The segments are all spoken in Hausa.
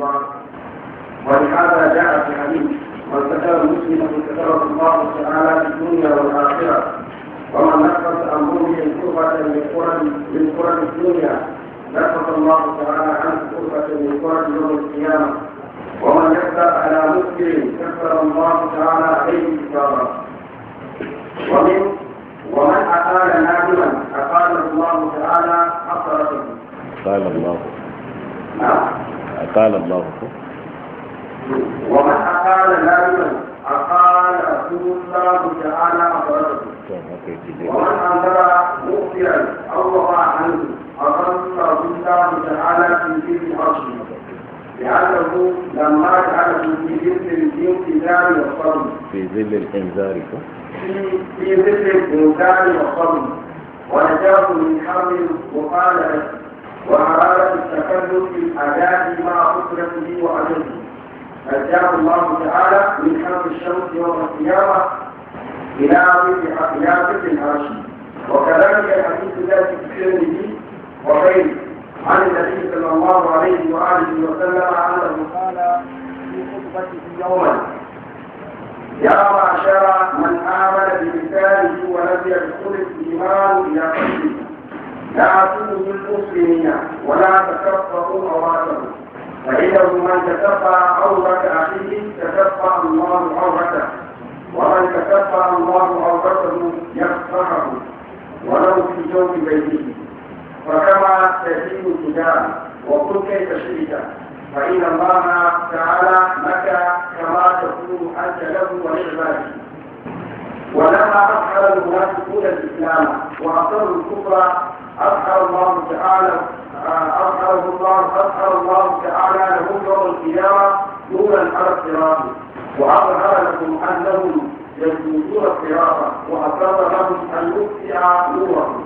ولهذا جاء في الحديث والكتاب مسلم كتبه الله تعالى في الدنيا والاخره ومن نقص عن مؤمن كربة من كرب من كرب الدنيا نقص الله تعالى عنه كربة من كرب يوم القيامة ومن يقدر على مسلم كفر الله تعالى عليه كفارا ومن ومن أقال نادما أقال الله تعالى حسرته قال الله نعم أقال الله ومن أقال لا أقال رسول الله تعالى أخرجه طيب، ومن أقال مؤمنا أو عنه أقال رسول الله تعالى في جيب عرشه لأنه لما جعله في ذل الانتظار والصبر في ذل الإنذار في ذل الإنذار والصبر ونجاه من حرب وقال وأراد التكلم في الأداء مع قدرته وعدمه نجاه الله تعالى من حرب الشمس يوم القيامة إلى إلى ظل العرش وكذلك الحديث ذات الترمذي وغيره عن النبي صلى الله عليه وآله وسلم أنه قال في خطبته يوما يا معشر من آمن بلسانه ولم يدخل الإيمان إلى قلبه تعاتوا بالمسلمين ولا تكفروا عوراتهم فإنه من تكفى عورة أخيه تكفى الله عورته ومن تكفى الله عورته يكفره ولو في جوف بيته فكما تزيد الجدال وقل كيف شئت فإن الله تعالى لك كما تكون أنت له ولعباده ولما أدخل يدخل الإسلام وأقروا الكفر أظهر الله تعالى أظهره الله أظهر الله تعالى لهم يوم القيامة دون الحرس الصراطي وأظهر لهم أنهم يجوزون الصراط وأظهر لهم أن يطفئ نورهم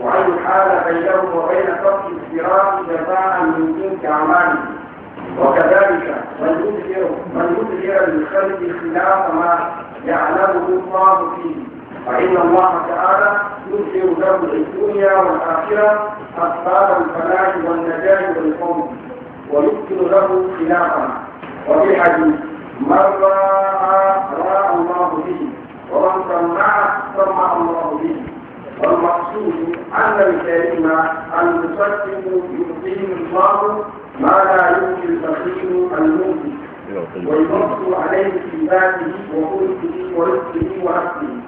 وأن يحال بينهم وبين ترك الصراط جزاء من تلك أعمالهم وكذلك من يظهر من يظهر للخلق خلاف ما يعلمه الله فيه فإن الله تعالى يظهر له الدنيا والآخرة أسباب الفلاح والنجاة والقوم ويمكن له خلافا وفي حديث من راى راى الله به ومن سمع سمع الله به والمقصود أن الكلمة المصدق يعطيه الله ما لا يمكن الفقير المؤمن وينص عليه في ذاته وخلقه ورزقه وعقله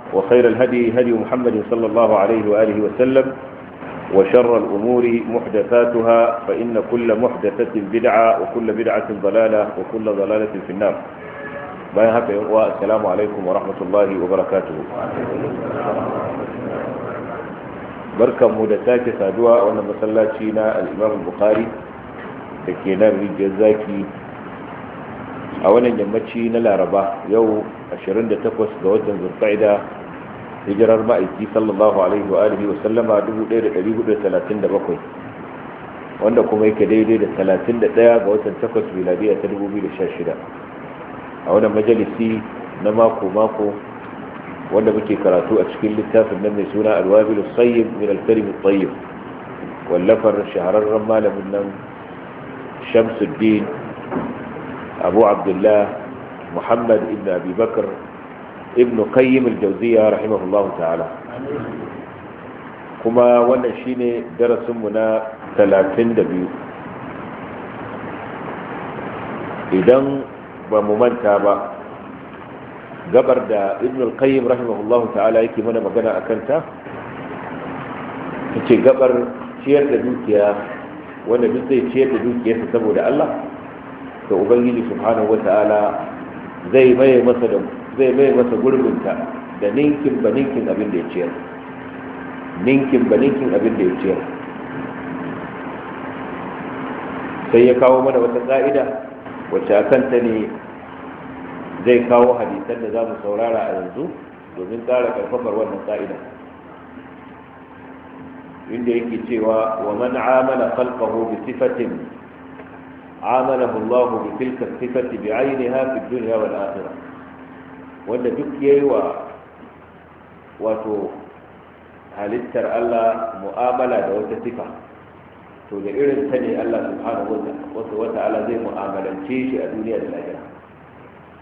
وخير الهدي هدي محمد صلى الله عليه وآله وسلم وشر الأمور محدثاتها فإن كل محدثة بدعة وكل بدعة ضلالة وكل ضلالة في النار بايهاك السلام عليكم ورحمة الله وبركاته بركة مدتاك سادوا وانا مسلاتينا الإمام البخاري تكينا بالجزاكي أولا جمتشي نلا ربا يو yau 28 ga زرطعدة hijirar ma'aiki sallallahu alaihi wa alihi wa sallama 1437 wanda kuma yake daidai da 31 ga watan 8 miladiya ta 2016 a wani majalisi na mako mako wanda muke karatu a cikin littafin nan mai suna alwabilu sayyib min al-kalim wallafar shahararren malamin nan Shamsuddin Abu Abdullah Muhammad ibn Abi ibn qayyim al-jawziya rahimahullahu ta'ala kuma wannan shine darasin mu na 32 idan ba mu manta ba gabar da ibn al-qayyim rahimahullahu ta'ala yake mana magana akan ta ce gabar ciyar da dukiya wanda duk zai ciyar da dukiyarsa saboda Allah to ubangiji subhanahu ta'ala zai maye masa da zai mai masa gurbinta da ninkin ba ninkin abin da ya ciyar ninkin ba ninkin abin da ya ciyar sai ya kawo mana wata ƙa'ida wacce a kanta ne zai kawo hadisan da za mu saurara a yanzu domin ƙara ƙarfafar wannan ƙa'ida inda yake cewa wa man amala khalqahu bi sifatin عامله الله بتلك الصفة بعينها في الدنيا والآخرة wanda duk ya yi wa wato halittar Allah mu'amala da wata sifa to da irin ta ne Allah subhanahu wa ta'ala zai mu'amalance shi a duniya da lahira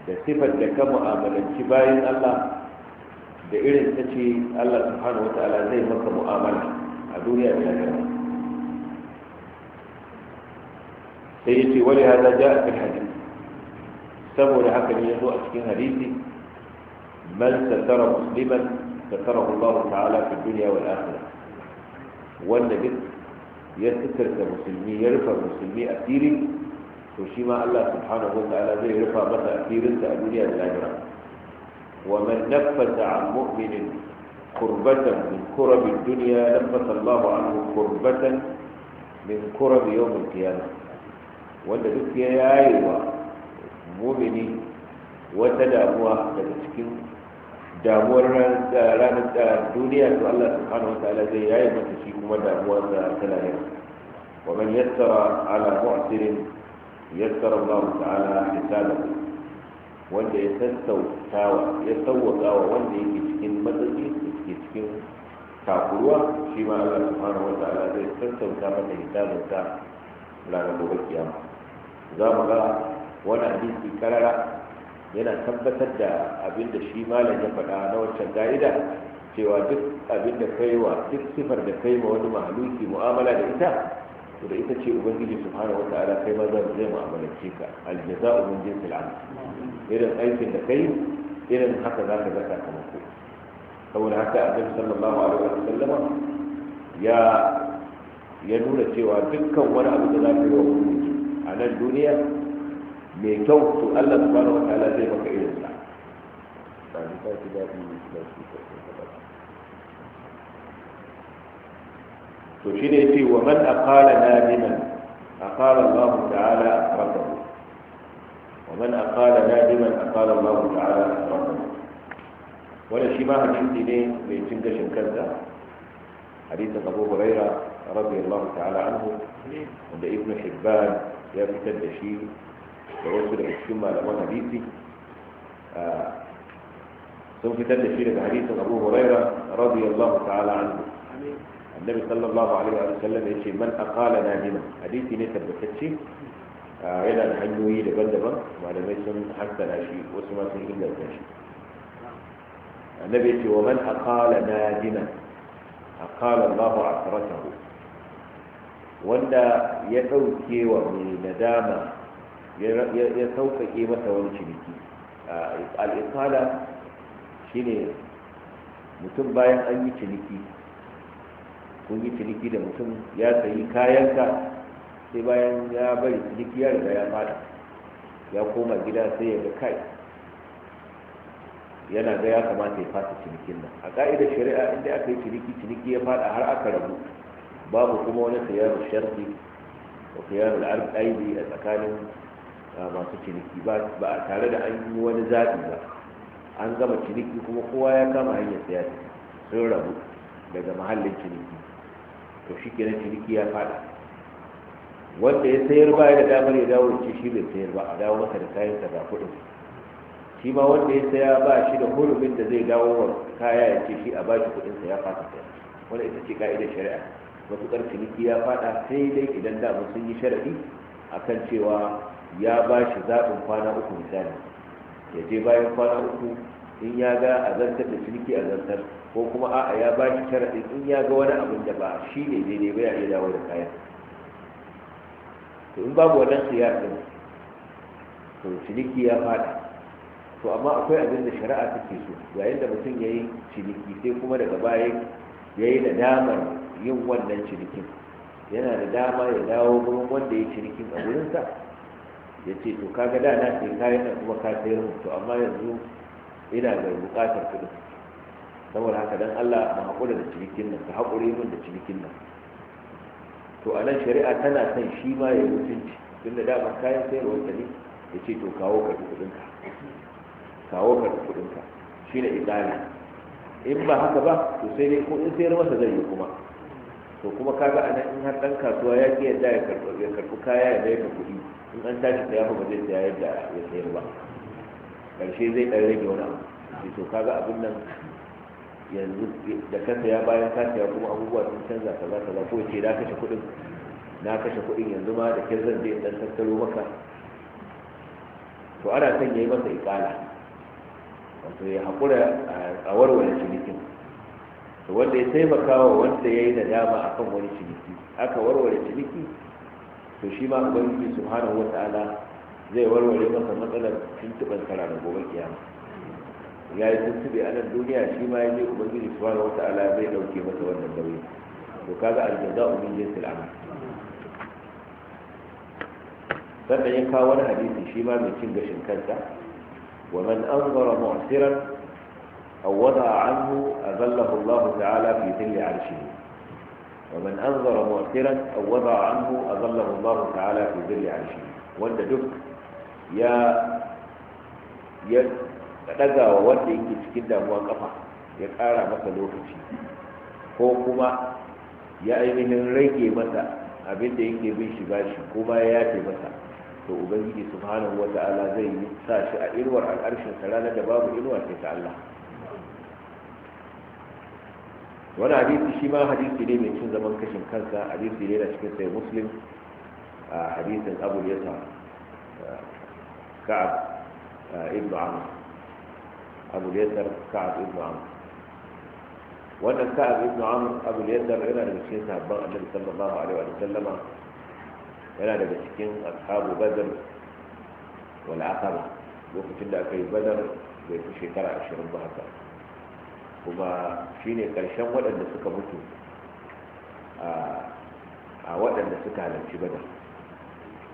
da sifar da ka mu'amalanci bayan Allah da irin ta ce Allah subhanahu wa ta'ala zai maka mu'amala a duniya da lahira sai yace wani hada ja'a fil hadith saboda haka ne yazo a cikin hadisi من ستر مسلما ستره الله تعالى في الدنيا والآخرة والنبي يستر المسلمين يرفع المسلمين أسيري وشيما الله سبحانه وتعالى زي رفع مثلا أثير انت الدنيا والآخرة ومن نفس عن مؤمن كربة من كرب الدنيا نفس الله عنه كربة من كرب يوم القيامة والنبي يا أيوة مؤمني وتدعوها damuwa damuwar ranar duniya to Allah subhanahu wata ala zai yayi masa shi kuma damuwar da ta lahira wa man yassara ala mu'sirin yassara Allah ta'ala hisabahu wanda ya sassautawa ya sawwakawa wanda yake cikin matsatsi yake cikin takuruwa shi ma Allah subhanahu wata ala zai sassauta masa hisabinsa ranar gobe kiyama za mu ga wani hadisi karara yana tabbatar da abin da shi malam ya faɗa na wancan ga'ida cewa duk abin da kai wa duk sifar da kai ma wani mahaluki mu'amala da ita to da ita ce ubangiji subhanahu ta'ala kai ma zai mu'amalance ka aljaza'u min jinsil irin aikin da kai irin haka za ka zaka kamar ko saboda haka annabi sallallahu alaihi sallama ya ya nuna cewa dukkan wani abu da za ka yi wa mutum a nan duniya mai kyau to Allah subhanahu wa ta'ala zai maka irin sa ba ni ta ji daɗi da shi ko to shi ne ce wa man aqala nadiman aqala Allah ta'ala akramahu wa man aqala nadiman aqala Allah ta'ala akramahu wanda shi ma hadisi ne mai cin gashin kansa hadisin Abu Hurairah radiyallahu ta'ala anhu wanda Ibn Hibban ya fitar da shi da wasu daga cikin malaman hadisi sun fitar da shi daga hadisin abu huraira radiyallahu ta'ala anhu annabi sallallahu alaihi wa sallam ya ce man aqala nadina hadisi ne tabbatacce yana da hanyoyi daban-daban malamai sun hassana shi wasu ma sun inganta shi annabi ya ce wa man aqala nadina aqala Allah asratahu wanda ya dauke wa mai nadama ya sauƙaƙe masa wani ciniki shi shine mutum bayan an yi ciniki kun yi ciniki da mutum ya sayi kayanka sai bayan ya bari ciniki ya riga ya fada ya koma gida sai ya ga kai yana ga ya kamata ya fasa cinikin nan a ka'idar shari'a inda aka yi ciniki ciniki ya fada har aka rabu babu kuma wani khiyarul sharti wa khiyarul arziki a tsakanin masu ciniki ba a tare da an yi wani zaɓi ba an gama ciniki kuma kowa ya kama hanyar saya sun rabu daga mahallin ciniki to shi kenan ciniki ya fada wanda ya sayar ba da damar ya dawo ce shi bai sayar ba a dawo masa da kayan sa ga kuɗin shi ma wanda ya saya ba shi da hurumin da zai dawo wa kaya ya ce shi a ba shi kuɗin sa ya fata saya wanda ita ce ka'idar shari'a matuƙar ciniki ya fada sai dai idan da sun yi sharadi akan cewa ya ba shi zaɓin kwana uku misali ya je bayan kwana uku in ya ga a zartar da ciniki a zartar ko kuma a'a ya ba shi sharaɗin in ya ga wani abin da ba shi ne daidai ba ya iya dawo da kayan to in babu wannan siya ɗin to ciniki ya faɗa to amma akwai abin da shari'a take so yayin da mutum ya yi ciniki sai kuma daga baya ya yi da damar yin wannan cinikin yana da dama ya dawo gurin wanda ya cinikin a gurinsa ya ce to kaga da na sai kayan na kuma ka sayar mu to amma yanzu ina da buƙatar kuɗin saboda haka dan Allah mu haƙura da cinikin nan ka haƙuri min da cinikin nan to a nan shari'a tana son shi ma ya mutunci tun da dama kayan sayarwa ta ne ya ce to kawo karɓi ka kawo karɓi kuɗinka shi ne iɗani in ba haka ba to sai dai ko in sayar masa zai yi kuma to kuma kaga anan in har dan kasuwa ya ke yadda ya karɓi ya karɓi kaya ya bai ka kuɗi in an tashi yafa ba zai saya yadda ya sayar ba ƙarshe zai ɗan rage wani abu to kaga abin nan yanzu da ka saya bayan ka saya kuma abubuwa sun canza kaza kaza ko ce na kashe kuɗin na kashe kuɗin yanzu ma da kyar zan je dan tattaro maka to ana son ya yi masa iƙala wato ya haƙura a warware cinikin to wanda ya taimaka wa wanda ya yi nadama a kan wani ciniki aka warware ciniki to shi ma ubangiji subhanahu wa ta'ala zai warware masa matsalar tuntuɓar kara da gobe kiyama ya yi tuntuɓe a nan duniya shi ma ya je ubangiji subhanahu wa ta'ala zai ɗauke masa wannan nauyi to kaga aljaza'u min jinsil amal sannan ya kawo wani hadisi shi ma mai cin gashin kansa wa man anzara mu'siran أو وضع عنه أذله الله تعالى في ظل عرشه ومن أنظر مؤثرا أو وضع عنه أذله الله تعالى في ظل عرشه وأنت دك يا ya daga wa wanda yake cikin damuwa kafa ya kara masa lokaci ko kuma ya rage masa abin da yake bin shi bashi baya ya yafe masa to ubangiji subhanahu wata'ala zai yi sa shi a irwar al'arshin sa ranar da babu inuwa ta Allah wani hadisi shi ma hadisi ne mai cin zaman kashin kansa hadisi ne na cikin sai muslim a hadisin abu yasa ka'ab ibn amr abu yasar ka'ab ibn amr wannan ka'ab ibn amr abu yasar yana daga cikin sahabban annabi sallallahu alaihi wa sallama yana daga cikin ashabu badr wal aqaba lokacin da aka yi badar bai fi shekara ashirin ba haka kuma shine karshen waɗanda suka mutu a waɗanda suka halarci badar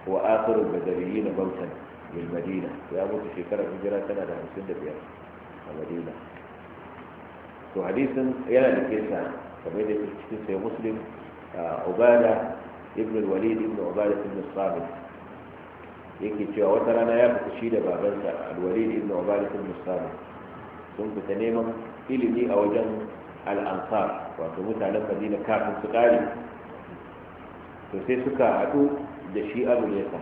wa akhiru badariyi na bautan bil madina ya mutu shekarar hijira tana da 55 a madina to hadisin yana da kisa kamar da cikin sai muslim ubada ibn walid ibn ubada ibn sabit yake cewa wata rana ya fita shi da babansa al-walid ibn ubada ibn sabit sun fita neman ilimi a wajen al'ansar wato mutanen madina kafin su kare to sai suka haɗu da shi abu yasa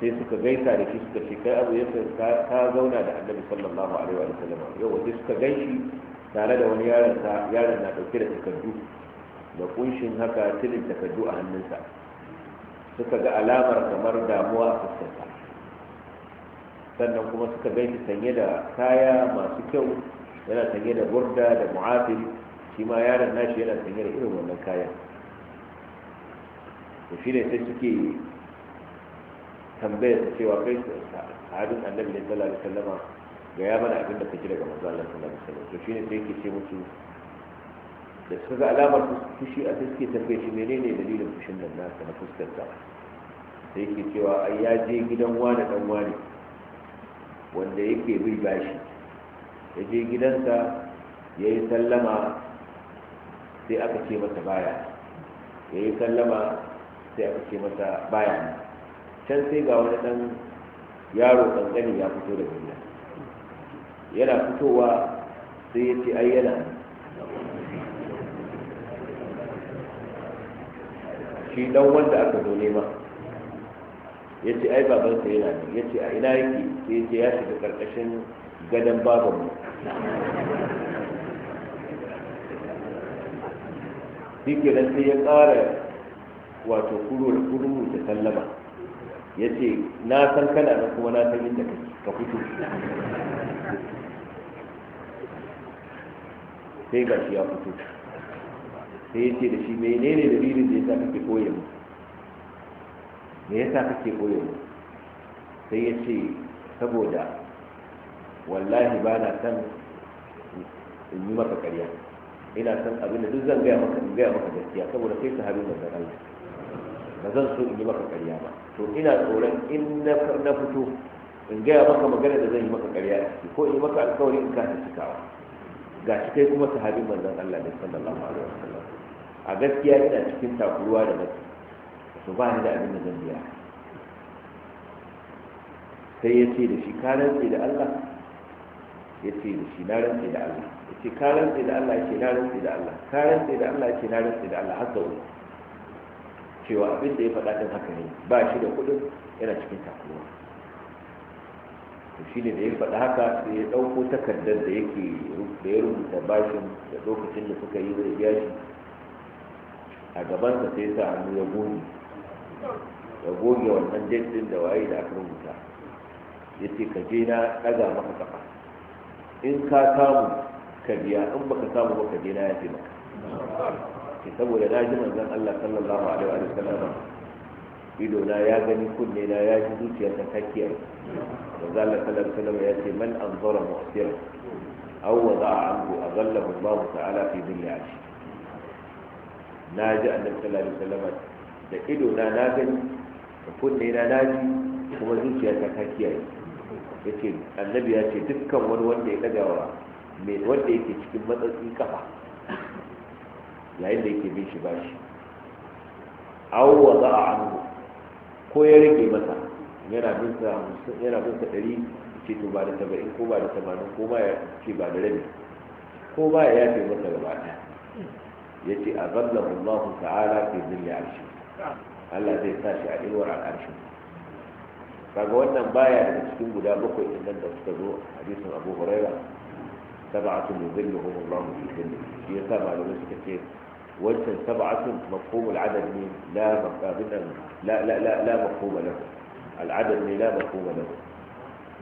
sai suka gaisa da shi suka ce kai abu yasa ta zauna da annabi sallallahu alaihi wa sallam yau wace suka ganshi tare da wani yaron sa yaron na dauke da takardu da kunshin haka tilin takardu a hannunsa suka ga alamar kamar damuwa a fuskarsa sannan kuma suka gani sanye da kaya masu kyau yana sanye da burda da mu'afil shi ma yaron nashi yana sanye da irin wannan kaya to shi ne sai suke tambaya su cewa kai su sahabin annabi ne sallallahu alaihi wasallama ga ya mana abin da kake daga manzo Allah sallallahu alaihi wasallam to shi ne sai yake ce musu da suka ga alamar fushi a suke tambaye shi menene dalilin fushin nan nasa na fuskar sa sai yake cewa ai ya je gidan wani dan wani wanda yake bi bashi ya je gidansa ya yi sallama sai aka ce masa baya ya sallama sai aka ce masa baya can sai ga wani dan yaro kankani ya fito da gida yana fitowa sai ya ce ayyana. shi dan wanda aka zo nema ya ce ai babansa yana ne ya ce a ina yake sai ya ce ya shiga karkashin gadon mu shi nan sai ya ƙara wato kuro da kurmu da sallama ya ce na san kana da kuma na san inda ka fito sai ga shi ya fito sai ya ce da shi menene dalilin da ya sa kake koyar mu me yasa kake koyo sai ya ce saboda wallahi ba na san in yi maka ƙarya ina san abin da duk zan gaya maka in gaya maka gaskiya saboda kai sahabin da zan Allah ba zan so in yi maka ƙarya ba to ina tsoron in na fito in gaya maka magana da zan yi maka ƙarya ko in yi maka alƙawari in ka cikawa ga shi kai kuma sahabin manzon Allah ne sallallahu alaihi wasallam a gaskiya ina cikin takuruwa da nake to ba ni da abin da zan biya sai ya ce da shi ka rantse da Allah ya ce da shi na rantse da Allah ya ce ka rantse da Allah ya ce na rantse da Allah ka rantse da Allah ya ce na rantse da Allah haka wani cewa abin da ya faɗa ɗin haka ne ba shi da kuɗin yana cikin takuwa shi ne da ya faɗa haka sai ya ɗauko takardar da yake da ya rubuta bashin da lokacin da suka yi zai biya shi a gabansa sai ya sa hannu ya goge ya goge wannan jirgin da waye da aka rubuta ya ce ka je na ɗaga maka kafa in ka samu ka biya in baka samu ba ka je na ya fi maka ke saboda na ji manzan Allah sallallahu alaihi wa sallam ido na ya gani kunne na ya ji zuciya ta kakkiya da Allah sallallahu alaihi wa ya ce man anzara mu'sira aw wada'a anhu azallahu Allah ta'ala fi shi. na ji annabi sallallahu alaihi wa da ido na na gani da kunne na na ji kuma zuciya ta ta kiyaye ya ce annabi ya ce dukkan wani wanda ya daga wa wanda yake cikin matsatsi kafa yayin da yake bin shi ba shi aw wa za a hannu ko ya rage masa yana bin sa yana bin sa ɗari ce to ba da saba'in ko ba da tamanin ko ba ya ce ba da rabi ko ba ya yafe masa gaba ɗaya ya ce a zallahu Allah ta'ala fi zilli arshi Allah zai sa shi a inuwar al'arshin kaga wannan baya daga cikin guda bakwai din nan da suka zo hadisin Abu Huraira sab'atun yuzilluhum Allah fi dhilli shi yasa malamai suka ce wancan sab'atun mafhumul adad ne la maqabilan la al'adad ne la mafhum lahu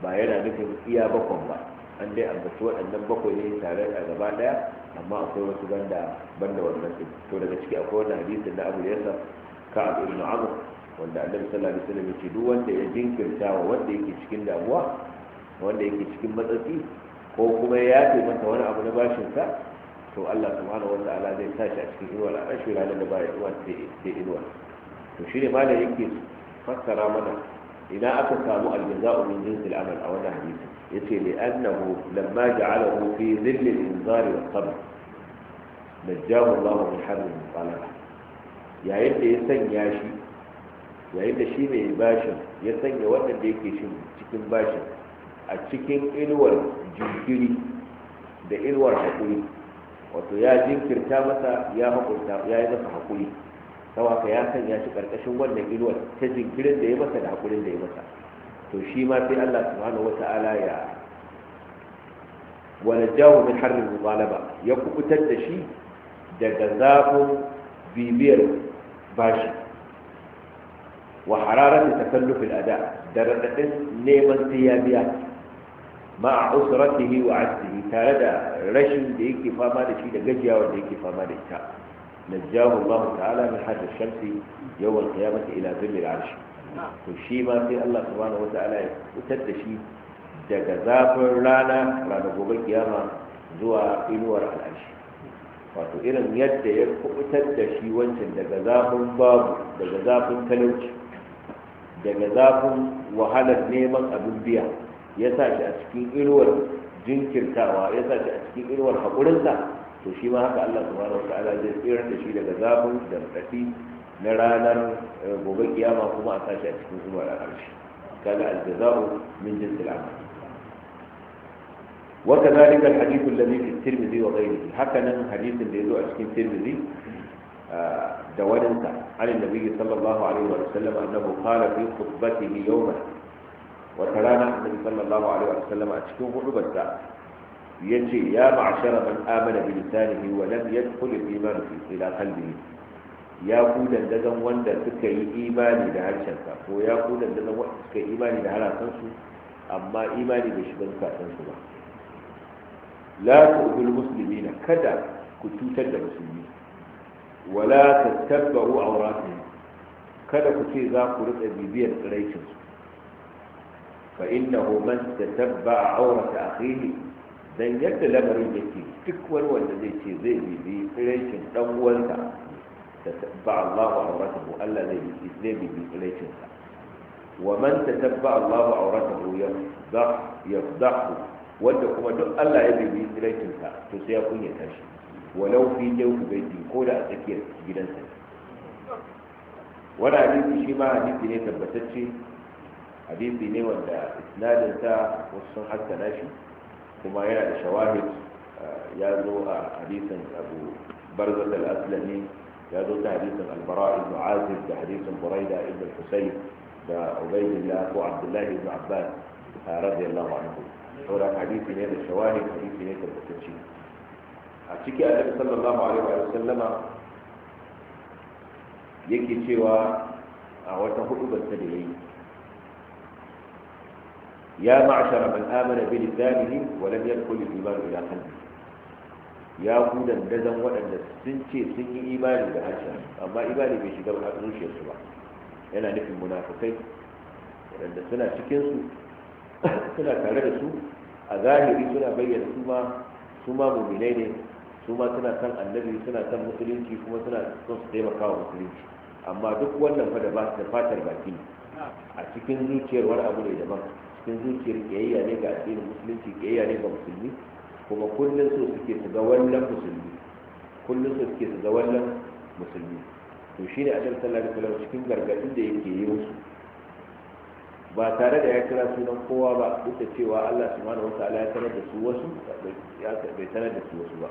ba yana nufin iya bakwan ba an dai ambaci waɗannan bakwai ne tare a gaba ɗaya, amma akwai wasu banda banda wannan to daga ciki akwai wannan hadisin na Abu Yasar ka'ab ibn amr wanda annabi sallallahu alaihi wasallam yace duk wanda ya jinkirta wa wanda yake cikin damuwa wanda yake cikin matsatsi ko kuma ya yafe masa wani abu na bashin sa to Allah subhanahu wataala zai tashi a cikin inuwar a shi ranar da baya inuwar sai inuwar to shi ne malam yake fassara mana idan aka samu aljaza'u min jinsil amal a wannan hadisi yace li annahu lamma ja'alahu fi dhillil inzari wa sabr najjahu Allah min harri mutalaba yayin da ya sanya shi yayin da shi mai bashin ya sanya wannan da yake shi cikin bashin a cikin inuwar jinkiri da inuwar haƙuri wato ya jinkirta masa ya haƙurta ya yi masa haƙuri sawaka ya sanya shi ƙarƙashin wannan inuwar ta jinkirin da ya masa da haƙurin da ya masa to shi ma sai Allah wata ala ya wani jawo min harin mubalaba ya kubutar da shi daga zafin bibiyar bashi wa hararar da takallufin ada da raɗaɗin neman sai ya biya ma'a wa asihi tare da rashin da yake fama da shi da gajiyawa da yake fama da ita najjahu Allah ta'ala min hadda shamsi yawmal qiyamati ila zillil arshi to shi ma sai Allah subhanahu wata'ala ya fitar da shi daga zafin rana ranar gobe kiyama zuwa inuwar al'arshi wato irin yadda ya kubutar da shi wancan daga zafin babu daga zafin talauci daga zafin wahalar neman abin biya ya sa shi a cikin irwar jinkirtawa ya sa shi a cikin irwar haƙurinsa to shi ma haka Allah subhanahu wa ta'ala zai tsirar da shi daga zafin da tafi na ranar eh, gobe kiyama kuma a sa shi a cikin zuwa ranar shi kaga aljaza'u min jinsil amali وكذلك الحديث الذي في الترمذي وغيره هكذا حديث اللي يدعو في الترمذي دوننت عن النبي صلى الله عليه وسلم أنه قال في خطبته يوما وترانا النبي صلى الله عليه وسلم أشكوه عبدا يجي يا معشر من آمن بلسانه ولم يدخل الإيمان في إلى قلبه ya ku dandazon wanda suka yi imani da harshensa ko ya ku dandazon wanda suka yi imani da harasansu amma imani da shigar kasansu ba la tu'zul muslimina kada ku cutar da musulmi wala tattaba'u awratihim kada ku ce za ku rika bibiyar tsiraicin su fa innahu man tatabba'a awrata akhihi dan yadda lamarin yake duk wani wanda zai ce zai bibi tsiraicin dan uwansa tatabba'a Allahu awratahu Allah zai bibi zai bibi tsiraicin sa wa man tatabba'a Allahu awratahu yafdah yafdahu wanda kuma duk Allah ya bibi tsiraicin sa to sai ya kunya tashi walau fi jawfi baiti ko da a tsakiyar gidansa wani hadisi shi ma hadisi ne tabbatacce hadisi ne wanda isnadin sa wasu sun hassana shi kuma yana da shawahid eh, ya zo a hadisin abu barzat al-aslami ya zo ta hadisin al-bara ibn azib da hadisin buraida ibn husayn da ubaydillah ko abdullahi ibn abbas radiyallahu anhu sauran hadisi ne da shawahi hadisi ne tabbatacce a ciki annabi sallallahu alaihi wa sallama yake cewa a wata hudu basta da yayi ya ma'ashara man amana bil lisanihi wa lam yadkhul al-iman ila qalbi ya ku dandazan waɗanda sun ce sun yi imani da harshen amma imani bai shiga ba zuciyarsu ba yana nufin munafikai waɗanda suna cikin su suna tare da su a zahiri suna bayyana su ma su ma ne su ma suna san annabi suna san musulunci kuma suna son su taimaka wa musulunci amma duk wannan fa da ba su da fatar baki a cikin zuciyar wani abu ne daban cikin zuciyar kiyayya ne ga addinin musulunci kiyayya ne ga musulmi kuma kullum so suke su ga wannan musulmi kullum so suke su ga wannan musulmi to shine a sallallahu alaihi wasallam cikin gargadin da yake yi musu ba tare da ya kira sunan kowa ba duk da cewa Allah subhanahu wa ta'ala ya sanar da su wasu ya bai sanar da su wasu ba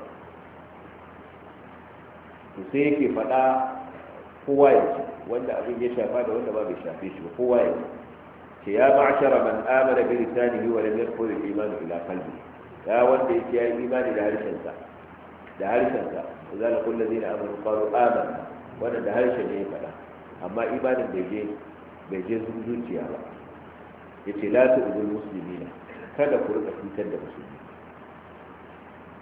to sai yake faɗa kowa ya ce wanda abin ya shafa da wanda ba bai shafe shi ba kowa ya ce ya ma'ashara man amana bi lisanihi wa lam yadkhul al-iman ila qalbi ya wanda yake ya yi imani da harshen sa, da harshen harshensa zalika allazina amanu qalu amanna wanda da harshen ne ya faɗa amma imanin bai je bai je zuciya ba yace la musulmi na, kada ku rika cutar da musulmi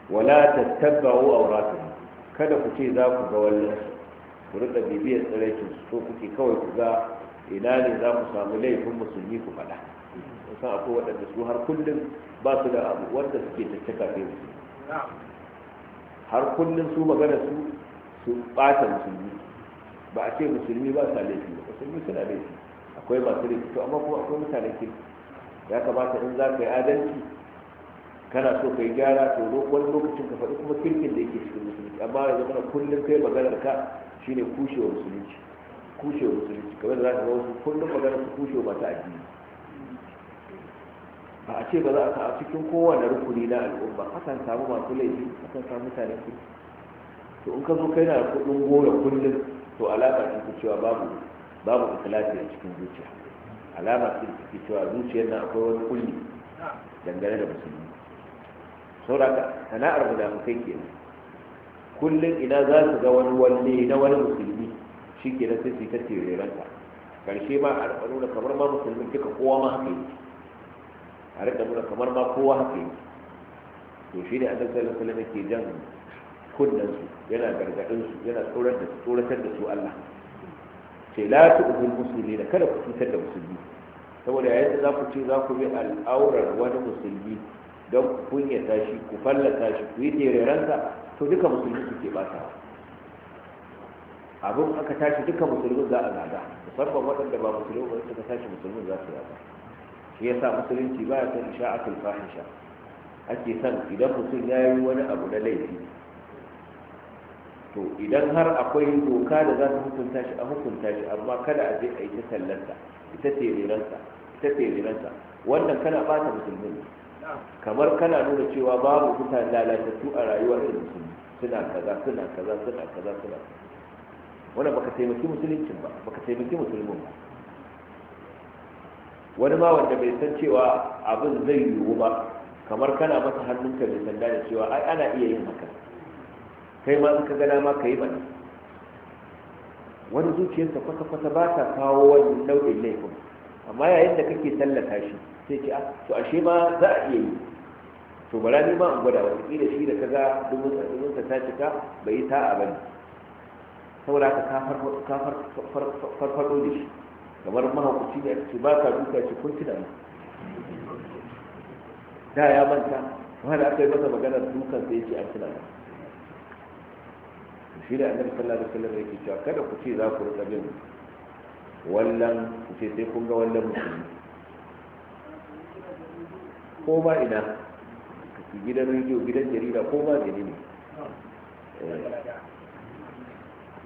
wala ta tattabba'u awratuhum kada ku ce za ku ga wallan ku rika bibiyar tsiraicin su ko kuke kawai ku ga ina ne za ku samu laifin musulmi ku faɗa san akwai waɗanda su har kullum ba su da abu wanda suke tattaka bai musulmi har kullum su magana su su ɓata musulmi ba a ce musulmi ba sa laifi ba musulmi suna laifi akwai masu rikici amma kuma akwai mutane ke ya kamata in za ka yi adalci kana so ka yi gyara to wani lokacin ka faɗi kuma kirkin da yake cikin musulunci amma yanzu zama kullum kai maganar ka shine kushewa musulunci kushewa musulunci kamar da za ka ga wasu kullum maganar su kushewa masu addini ba a ce ba za a sa a cikin kowane rukuni na al'umma akan samu masu laifi akan samu mutane kullum to in ka zo kai na kuɗin gora kullum to alaƙa ce cewa babu babu ikhlasi a cikin zuciya alama ce take cewa zuciyar na akwai wani kulli dangane da musulmi saboda sana'ar mu munafikai kenan kullum ina za su ga wani walle na wani musulmi shi ke sai su yi ta tereranta karshe ma a rika nuna kamar ma musulmi duka kowa ma haka yi a rika nuna kamar ma kowa haka yi to shi ne annabi sallallahu alaihi wasallam ke jan kunnen yana gargadin su yana tsoratar da su Allah ce la musulmi da kada ku cutar da musulmi saboda yayin da za ku ce za ku bi al'aurar wani musulmi don ku kunyata shi ku fallata shi ku yi tereransa to duka musulmi ke bata abin aka tashi duka musulmi za a zaga musamman waɗanda ba musulmi ba suka tashi musulmi za su zaga shi ya sa musulunci ba ya san isha'atul fahisha ake san idan mutum ya yi wani abu na laifi to idan har akwai doka da za ta hukunta shi a hukunta shi amma kada a je a yi ta sallarsa ita ce renansa ita ce renansa wannan kana bata musulmi kamar kana nuna cewa babu lalata, lalatattu a rayuwa irin musulmi suna kaza suna kaza suna kaza suna wannan baka taimaki musuluncin ba baka taimaki musulmin ba wani ma wanda bai san cewa abin zai yiwu ba kamar kana masa hannunka mai sanda da cewa ai ana iya yin haka kai ma ka gana ma ka yi bane wani zuciyarsa kwata-kwata ba ta kawo wani nau'in laifin amma yayin da kake tallata shi sai ce ah, to ashe ma za a iya yi to bara ni ma an gwada wani da shi da ka ga dubin ta cika bai yi ta'a ba ne saboda ka farfado da shi kamar mahaukaci da ce ba ka duka ce kun tunani da ya manta wanda aka yi masa maganar dukan sai ce an tunani shi da annabi sallallahu alaihi wasallam yake cewa kada ku ce za ku rika bin wallan ku ce sai kun ga wallan musulmi ko ma ina gidan rediyo gidan jarida ko ma gani ne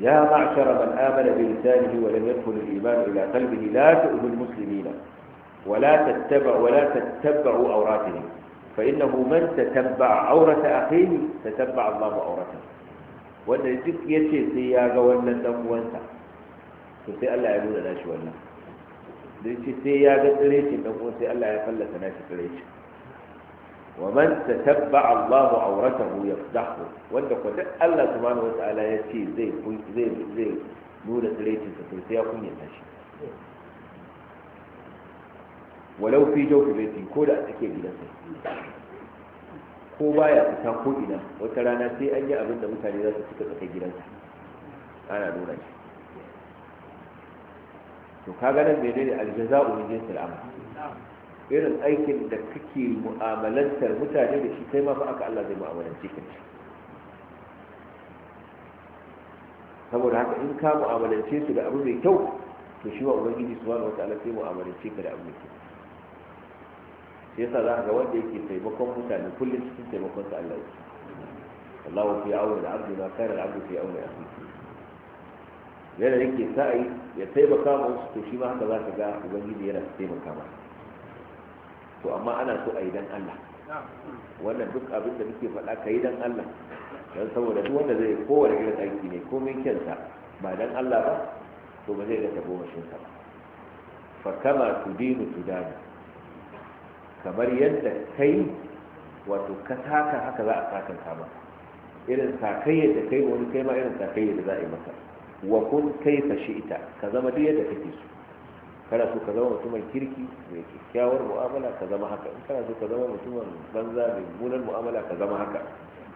يا معشر من آمن بلسانه ولم يدخل الإيمان إلى قلبه لا تؤذوا المسلمين ولا تتبع ولا تتبعوا أوراتهم فإنه من تتبع عورة أخيه تتبع الله عورته wanda duk ya ce sai ya ga wannan dan uwansa to sai Allah ya nuna nashi wannan dan ce sai ya ga tsirecin dan uwan sai Allah ya fallasa nashi tsirecin wa man tatabba Allahu awratahu yafdahu wanda ko duk Allah subhanahu ala ya ce zai nuna tsirecin sa sai ya kunyata shi walau fi jawfi baiti ko da a cikin gidansa ko baya fita ko ina wata rana sai an yi abin da mutane za su fita tsakar gidansa ana nuna shi to ka ganin menene aljaza min jinsil amal irin aikin da kake mu'amalantar mutane da shi kai ma fa aka Allah zai kan ka saboda haka in ka mu'amalance su da abu mai kyau to shi wa ubangiji wata wataala sai mu'amalance ka da abu mai kyau shi yasa za ga wanda yake taimakon mutane kullum cikin taimakon sa Allah yake Allah fi auna al-abdu ma kana al-abdu fi ya akhihi yana yake sa'i ya taimaka mu to shi ma haka za ka ga ubangiji yana taimaka masa to amma ana so a yi dan Allah wannan duk abin da muke faɗa ka yi dan Allah don saboda duk wanda zai kowane irin aiki ne komai kyansa ba dan Allah ba to ba zai ga tabo mashin ba fa kama tudinu tudani kamar yadda kai wato ka taka haka za a takan ka maka irin sakayyar da kai wani kai ma irin sakayyar da za a yi maka wa kun kai ka shi ita ka zama duk yadda kake so kana so ka zama mutumin kirki mai kyakkyawar mu'amala ka zama haka in kana so ka zama mutumin banza mai munan mu'amala ka zama haka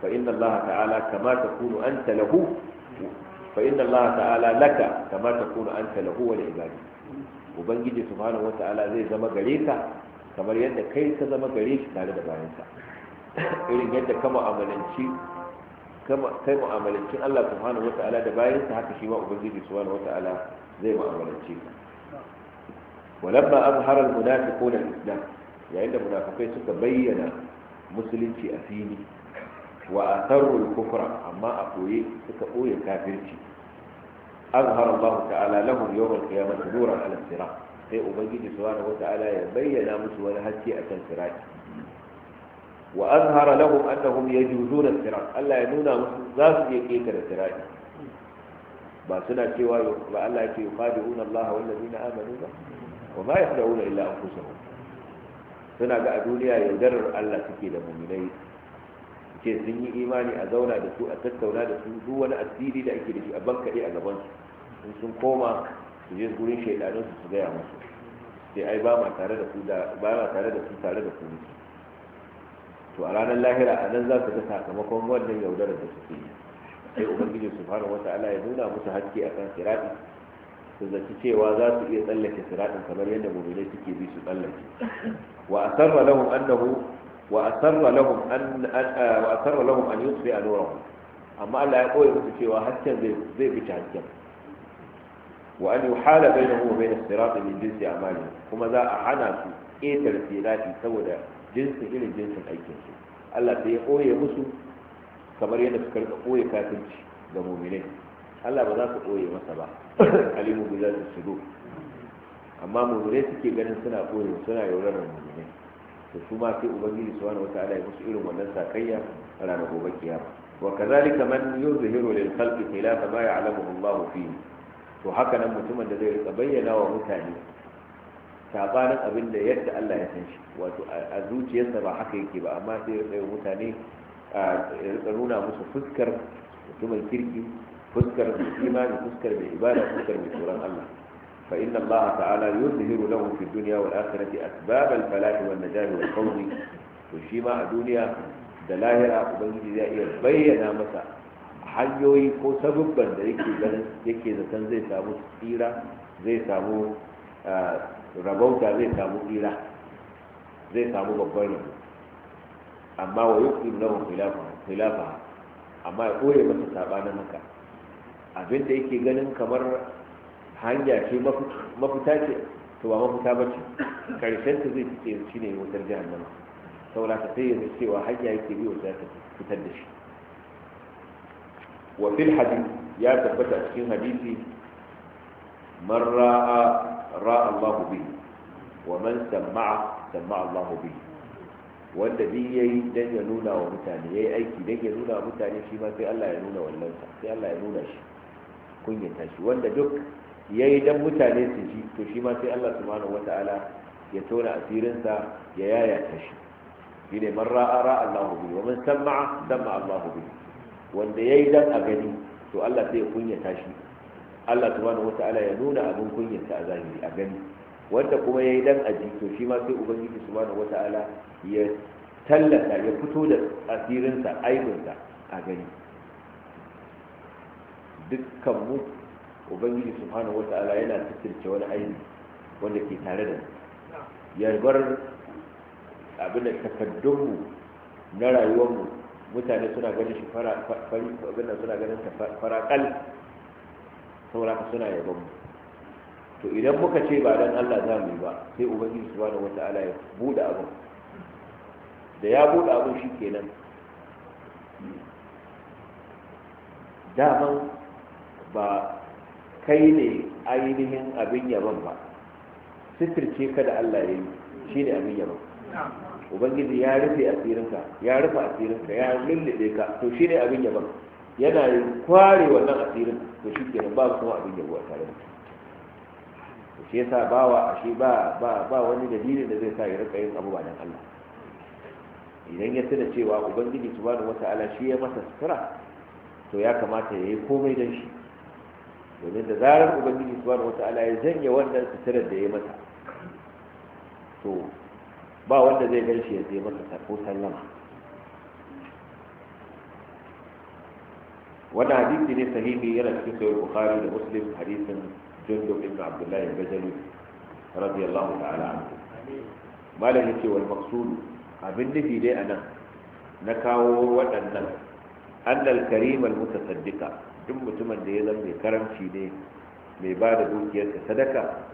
fa inna allaha ta'ala kama takunu anta lahu fa inna allaha ta'ala laka kama takunu anta lahu wa li ibadi ubangiji subhanahu wa ta'ala zai zama gare ka kamar yadda kai ta zama gare shi tare da bayansa irin yadda ka mu'amalanci kai mu'amalancin Allah subhanahu wata'ala da bayansa haka shi ma ubangiji subhanahu ta'ala zai mu'amalanci ka walamma azhara almunafiquna alislam yayin da munafikai suka bayyana musulunci a fili wa asarru alkufra amma a koye suka koye kafirci azhara Allah ta'ala lahum yawm alqiyamati nuran ala sirat sai ubangiji subhanahu wata'ala ya bayyana musu wani haske a kan sirati wa azhara lahum annahum yajuzuna sirat Allah ya nuna musu za su iya da sirati ba suna cewa ba Allah ya ce yuqadiuna Allah wal ladina amanu ba wa ma ya yakhda'una illa an anfusahum suna ga a duniya yaudarar Allah suke da muminai ke sun yi imani a zauna da su a tattauna da su duk wani asiri da ake da shi a bankaɗe a gabansu, in sun koma su je gurin shaidanin su su gaya musu sai ai ba ma tare da su ba ma tare da su tare da su to a ranar lahira a nan za su ga sakamakon wannan yaudarar da suke yi sai ubangiji subhanahu ala ya nuna musu haske a kan siraɗi su zaci cewa za su iya tsallake siraɗin kamar yadda mu'minai suke bi su tsallake wa asarra lahum annahu wa asarra lahum an wa asarra lahum an yusfi amma Allah ya koya musu cewa hasken zai fi hasken wa an yuhala bainahu wa bainas sirati min jinsi amali kuma za a hana su ƙetare sirati saboda jinsin irin jinsin aikin su Allah sai ya koye musu kamar yadda suka rika koye kafirci ga mu'minai Allah ba za su koye masa ba alimu bi za su shigo amma mu'minai suke ganin suna koye suna yaurar mu'minai to su ma sai ubangiji subhanahu wataala ya musu irin wannan sakayya a ranar gobe kiyama وكذلك من يظهر للخلق خلاف ما يعلمه الله فيه to haka nan mutumin da zai rika bayyana wa mutane sabanin abin da yadda Allah ya san shi wato a zuciyarsa ba haka yake ba amma sai ya yi mutane a rika nuna musu fuskar mutumin kirki fuskar mai imani fuskar mai ibada fuskar mai tsoron Allah fa inna Allah ta'ala yuzhiru lahu fi dunya wal akhirati asbab al falah wal najah wal fawz to shi ma a duniya da lahira ubangiji zai iya bayyana masa hanyoyi ko sabubban da yake ganin yake zaton zai samu tsira zai samu rabauta zai samu tsira zai samu babban rabu amma wa yuqim lahu filafa amma ya ɓoye masa sabanin na maka abinda yake ganin kamar hanya ce mafita ce to ba mafita ba ce karshen ta zai fi shi ne wutar jahannama saboda ta sai ya cewa hanya yake biyu za ta fitar da shi Wafil fil ya tabbata cikin hadisi man ra'a ra'a wa man sama'a sama'a Allah wanda bi yayi dan ya nuna wa mutane yayi aiki dan ya nuna wa mutane shi ma sai Allah ya nuna wannan sai Allah ya nuna shi kunyata shi wanda duk yayi dan mutane su ji to shi ma sai Allah subhanahu wataala ya tona asirinsa ya yayata shi wa man wanda ya yi dan a gani to Allah sai ya kunyata shi Allah subhanahu ala ya nuna abin kunyata a zahiri a gani wanda kuma ya yi dan a ji to shi ma sai ubangiji subhanahu ala ya tallata ya fito da asirinsa aibinsa a gani dukkan mu ubangiji subhanahu ta'ala yana titirce wani aibi wanda ke tare da ya bar abin da takaddunmu na rayuwarmu mutane suna ganin shi fara fari abin suna ganin ta suna yabon mu to idan muka ce ba dan Allah za mu yi ba sai ubangiji subhanahu wataala ya bude abin da ya buɗe abin shi kenan daman ba kai ne ainihin abin yaban ba sitirce ka da Allah ya yi shi ne abin yaban ubangiji ya rufe asirinka ya rufe asirinka ya lullube ka to shi ne abin yaba yana kware wannan asirin to shi ke ba kuma abin yabo a tare da shi yasa wa shi ba ba ba wani dalilin da zai sa ya rika yin abu ba dan Allah idan ya tuna cewa ubangiji subhanahu wataala shi ya masa sutura to ya kamata ya yi komai dan shi domin da zarar ubangiji subhanahu wataala ya zanya wannan suturar da ya masa to ba wanda zai gan shi ya je masa ko sallama wannan hadisi ne sahihi yana cikin sahih bukhari da muslim hadisin jundub ibn Abdullahi bajali radiyallahu ta'ala anhu malam yace wal maqsud abin nufi dai anan na kawo waɗannan annal karimal mutasaddiqa duk mutumin da ya zama mai karamci ne mai ba da dukiyarsa sadaka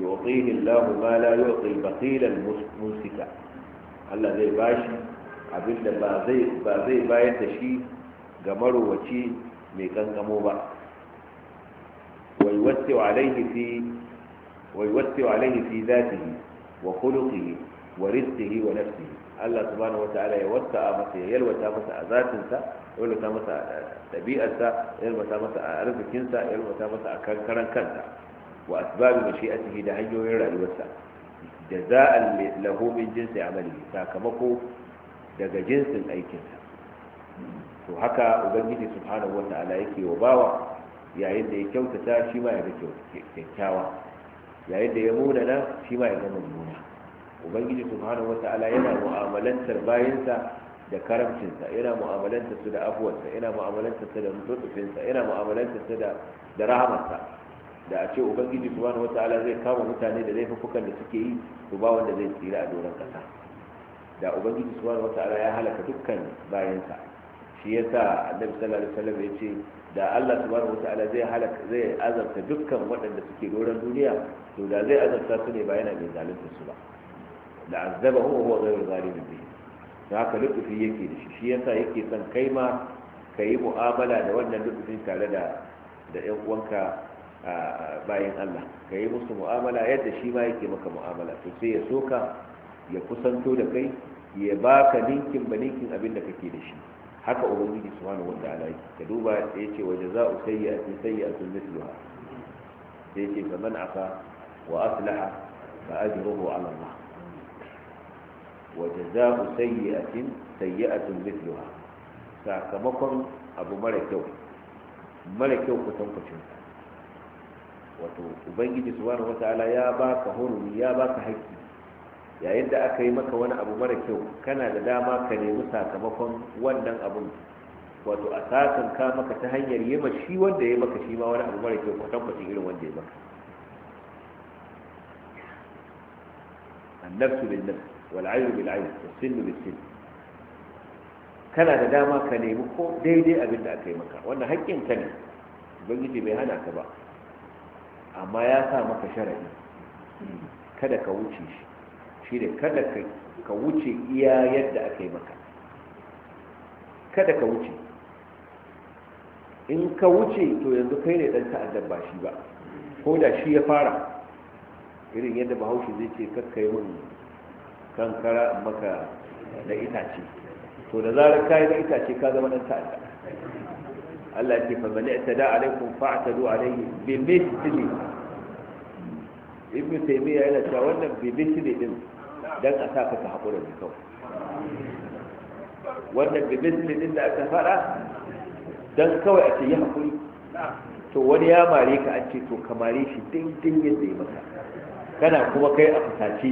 yu'tihi Allahu ma la yu'ti al-baqil al-musika Allah zai bashi abinda ba zai bayar da shi ga marowaci mai kankamo ba wa yuwatti'u alayhi fi wa yuwatti'u alayhi fi dhatihi wa khuluqihi wa rizqihi wa nafsihi Allah subhanahu wa ta'ala ya wata masa ya yalwata masa a zatinsa ya yalwata masa a ɗabi'arsa ya yalwata masa a arzikinsa ya yalwata masa a kankaran kanta wa a mashi'atihi da hanyoyin rayuwarsa da za jaza'an lahu min jinsi amali sakamako daga jinsin aikinsa to haka ubangiji subhanahu wata'ala yake wa bawa yayin da ya kyautata shi ma ya ga kyakkyawa yayin da ya munana shi ma ya gama mummuna ubangiji subhanahu wata'ala yana mu'amalantar bayansa da karamcinsa yana mu'amalantar su da afuwarsa yana mu'amalantar su da mutuntufinsa yana mu'amalantar su da rahamarsa da a ce ubangiji subhanahu wataala zai kama mutane da laifukan da suke yi to ba wanda zai tsira a doron kasa da ubangiji subhanahu wataala ya halaka dukkan bayansa shi yasa annabi sallallahu alaihi wasallam ya ce da Allah subhanahu wataala zai halaka zai azabta dukkan waɗanda suke doron duniya to da zai azabta su ne ba yana mai zalunta su ba da azaba huwa huwa ghayru zalimin bihi da haka lutufi yake da shi shi yasa yake son kai ma ka yi mu'amala da wannan lutufin tare da da yan uwanka bayan Allah ka yi musu mu'amala yadda shi ma yake maka mu'amala to sai ya soka ya kusanto da kai ya baka ninkin ba ninkin abin da kake da shi haka ubangiji subhanahu wataala yake ka duba ya ce wa jaza'u sayyi'atin sayyi'atun mithluha sai ya ce faman afa wa aslaha fa ajruhu ala Allah wa jaza'u sayyi'atin sayyi'atun mithluha sakamakon abu mara kyau mara kyau kusan kucin wato ubangiji subhanahu wataala ya baka hurumi ya baka haƙƙi yayin da aka yi maka wani abu mara kyau kana da dama ka nemi sakamakon wannan abun wato a sakan ka maka ta hanyar yi ma shi wanda ya maka shi ma wani abu mara kyau kwatan kwatan irin wanda ya maka annabtu bil nafs wal ayn bil ayn wa sin bil sin kana da dama ka nemi ko daidai abin da aka yi maka wannan haƙƙin ka ne ubangiji bai hana ka ba amma ya sa maka sharaɗi kada ka wuce shi shi ne kada ka wuce iya yadda aka yi maka kada ka wuce in ka wuce to yanzu kai ne dan ta'addar ba shi ba ko da shi ya fara irin yadda bahaushe zai ce kakka yi wani kankara maka na itace to da zarar kayi na itace ka zama dan ta'adda Allah ce fa mani tada alaikum fa'tadu alaihi bi mithli ibnu taymiya yana cewa wannan bi mithli din dan a sa ka hakura da kau wannan bi mithli din da aka fara dan kawai a ce yi hakuri to wani ya mare ka an ce to ka mare shi din yadda ya maka kana kuma kai a fusace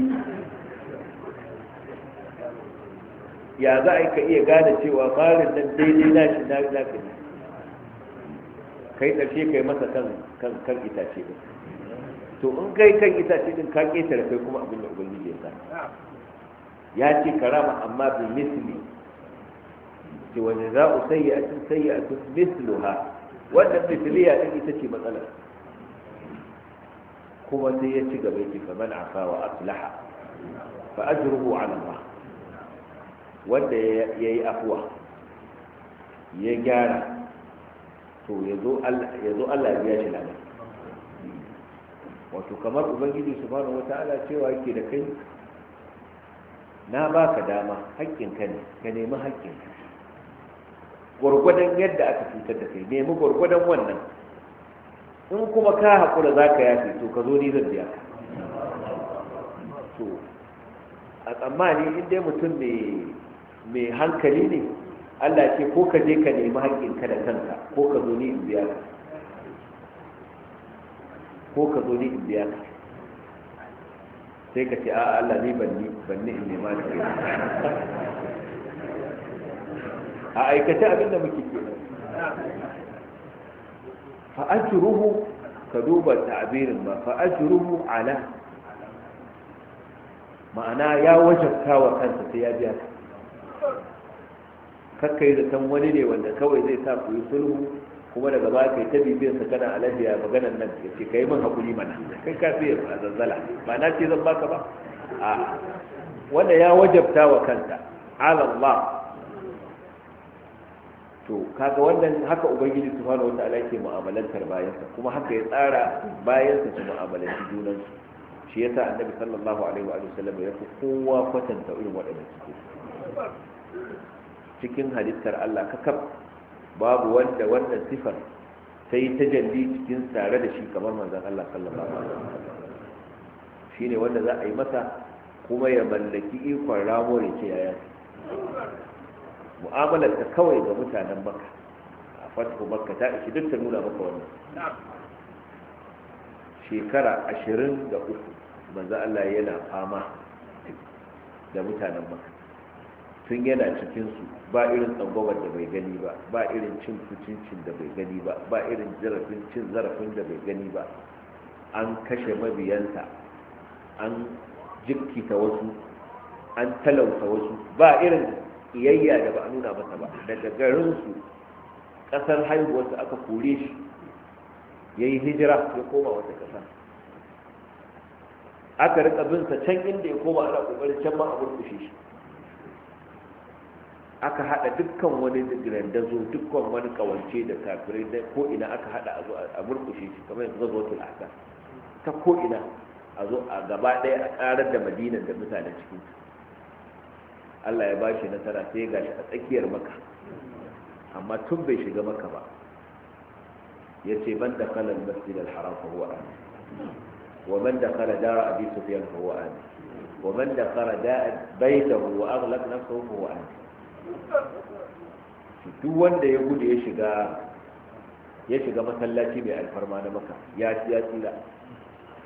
ya za a yi ka iya gane cewa marin nan daidai na shi na ka ne kai ɗauke kai masa kan itace din to in kai kan itace din ka ƙetare kai kuma abin da ubangiji ya sa ya ce karama amma bi misli ce wani za ku sayyatun sayyatun misluha wannan misliya din ita ce matsalar kuma sai ya ci gaba yake a afa wa aslaha fa ajruhu ala Allah wanda ya yi afuwa ya gyara to yazo Allah Allah ya biya shi lada wato kamar ubangiji subhanahu wataala cewa yake da kai na baka dama haƙƙinka ne ka nemi haƙƙinka gwargwadon yadda aka cutar da kai nemi gwargwadon wannan in kuma ka haƙura za ka yafe to ka zo ni zan biya a tsammani in dai mutum mai hankali ne Allah ce ko ka je ka nemi haƙƙinka da kanka ko ka zo ni in biya ka ko ka zo ni in biya ka sai ka ce a Allah ni ban ni ban ni in nema ka a aikata abin da muke ke fa ajruhu ka duba ta'birin ba fa ajruhu ala ma'ana ya wajabta wa kansa sai ya biya ka kakkai zaton zaton wani ne wanda kawai zai sa ku yi sulhu kuma daga baya kai ta bibiyar sa kana alajiya maganar nan ya ce kai min hakuri mana kai ka fiye a zanzala ba na ce zan baka ba a wanda ya wajabta wa kanta alamma to kaga wannan haka ubangiji su fara wataala alaƙe mu'amalantar bayansa kuma haka ya tsara bayansa su mu'amalanci junansu shi yasa annabi sallallahu alaihi wa sallam ya fi kowa kwatanta irin waɗannan cikin cikin halittar Allah kakaf babu wanda wannan sifar ta yi cikin tare da shi kamar manzon Allah sallallahu alaihi wasallam shine wanda za a yi masa kuma ya mallaki ikon rabo ya ce yaya mu'amalar ta kawai ga mutanen Makka a fatu Makka ta ishi duk ta nuna maka wannan shekara ashirin da uku manzo Allah yana fama da mutanen Makka tun yana cikinsu ba irin tsangwamar da bai gani ba ba irin cin kucincin da bai gani ba ba irin zarafin cin zarafin da bai gani ba an kashe mabiyanta an jikita wasu an talauta wasu ba irin iyayya da ba a nuna masa ba daga garinsu ƙasar haihuwarsa aka kore shi ya yi hijira ya koma wata ƙasa aka rika binsa can inda ya koma ana ƙoƙarin can ma a murkushe shi aka hada dukkan wani grandazo dukkan wani kawance da kafirai da ko ina aka hada a zo a murkushe shi kamar yanzu zazzautul ahzab ta ko ina a zo a gaba daya a karar da madina da mutane cikin Allah ya bashi nasara sai ya gashi a tsakiyar maka amma tun bai shiga maka ba ya ce man da kalan masjid al-haram fa huwa amin wa man da kala dara abi sufyan fa huwa amin wa man da kala da baitahu wa aghlaq nafsuhu fa huwa amin duk wanda ya gudu ya shiga ya shiga masallaci mai alfarma na maka ya ya tsira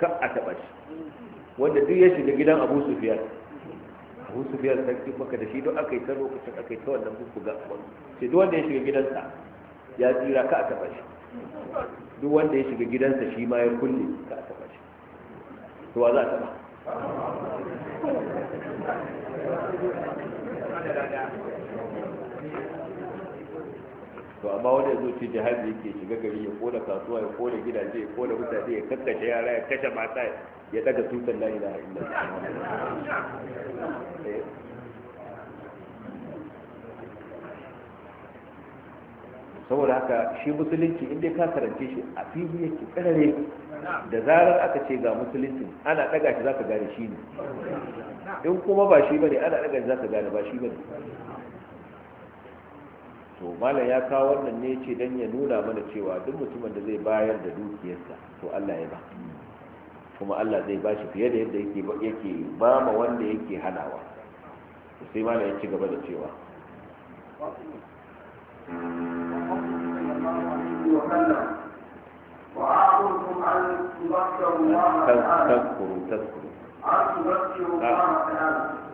ka a taɓa shi wanda duk ya shiga gidan abu sufiyar abu sufiyar sarki maka da shi duk aka yi ta lokacin aka yi ta wannan buga sai duk wanda ya shiga gidansa ya tsira ka a taɓa shi duk wanda ya shiga gidansa shi ma ya kulle ka a taɓa shi to wa za a taɓa to amma wanda ya zo ce jihadi yake shiga gari ya kona kasuwa ya kona gidaje ya kona mutane ya kakkace yara ya kashe mata ya daga tutan la ilaha illallah saboda haka shi musulunci inda ka karance shi a fili yake karare da zarar aka ce ga musulunci ana daga shi zaka gane shi ne in kuma ba shi bane ana daga shi zaka gane ba shi bane to malam ya kawo wannan ne ce dan ya nuna mana cewa duk mutumin da zai bayar da dukiyarsa to Allah ya ba kuma Allah zai bashi fiye da yadda yake yake ba ma wanda yake hanawa sai malam ya ci gaba da cewa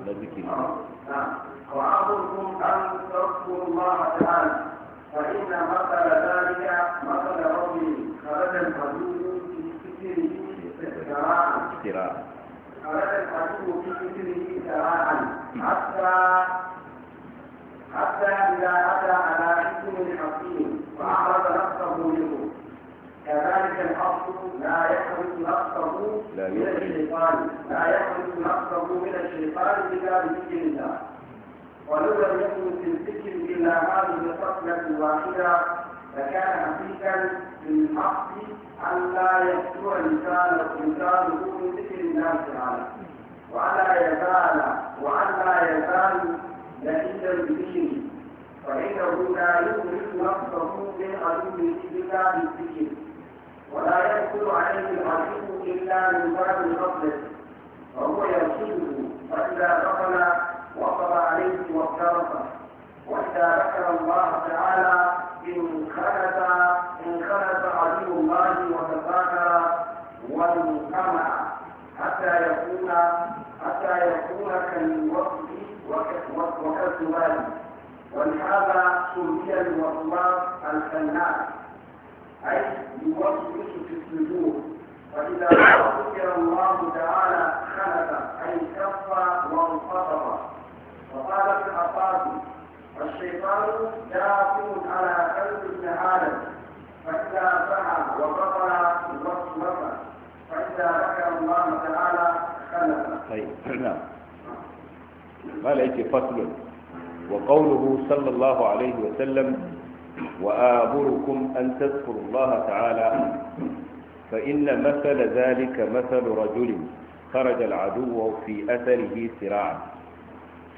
تذكروا وأمركم أن تذكروا الله تعالى فإن مثل ذلك مثل رجل خرج العدو في ستره سراعا خرج العدو في ستره سراعا حتى حتى إذا أتى على حكم حكيم وأعرض نفسه منه كذلك الأصل لا يخرج نفسه من الشيطان لا يخرج نفسه من الشيطان إلا بذكر الله ولو لم يكن في الذكر إلا هذه القتلة الواحدة لكان حقيقا من الحق أن لا يكثر الإنسان الإنسان من ذكر الله تعالى وألا يزال لا يزال لئيم الدين فإنه لا يدرك نفسه من عدو إلا بالفكر ولا يدخل عليه العدو إلا من باب الغفلة وهو يرشده فإذا دخل وقضى عليه وافترقه وإذا ذكر الله تعالى إن خلف عدو الله وتفاخر وانقمع حتى يكون حتى يكون كالوقت وكالذباب ولهذا سمي الوصلات الفناء أي يوصل في السجود فإذا ذكر الله تعالى خلف أي كف وانفطر وقال ابن عباس الشيطان داخل على قلب ابن آدم فإذا سعى وقطع وصوص فإذا ذكر الله تعالى خلف طيب نعم قال ايتي فصل وقوله صلى الله عليه وسلم وآمركم أن تذكروا الله تعالى فإن مثل ذلك مثل رجل خرج العدو في أثره سراعا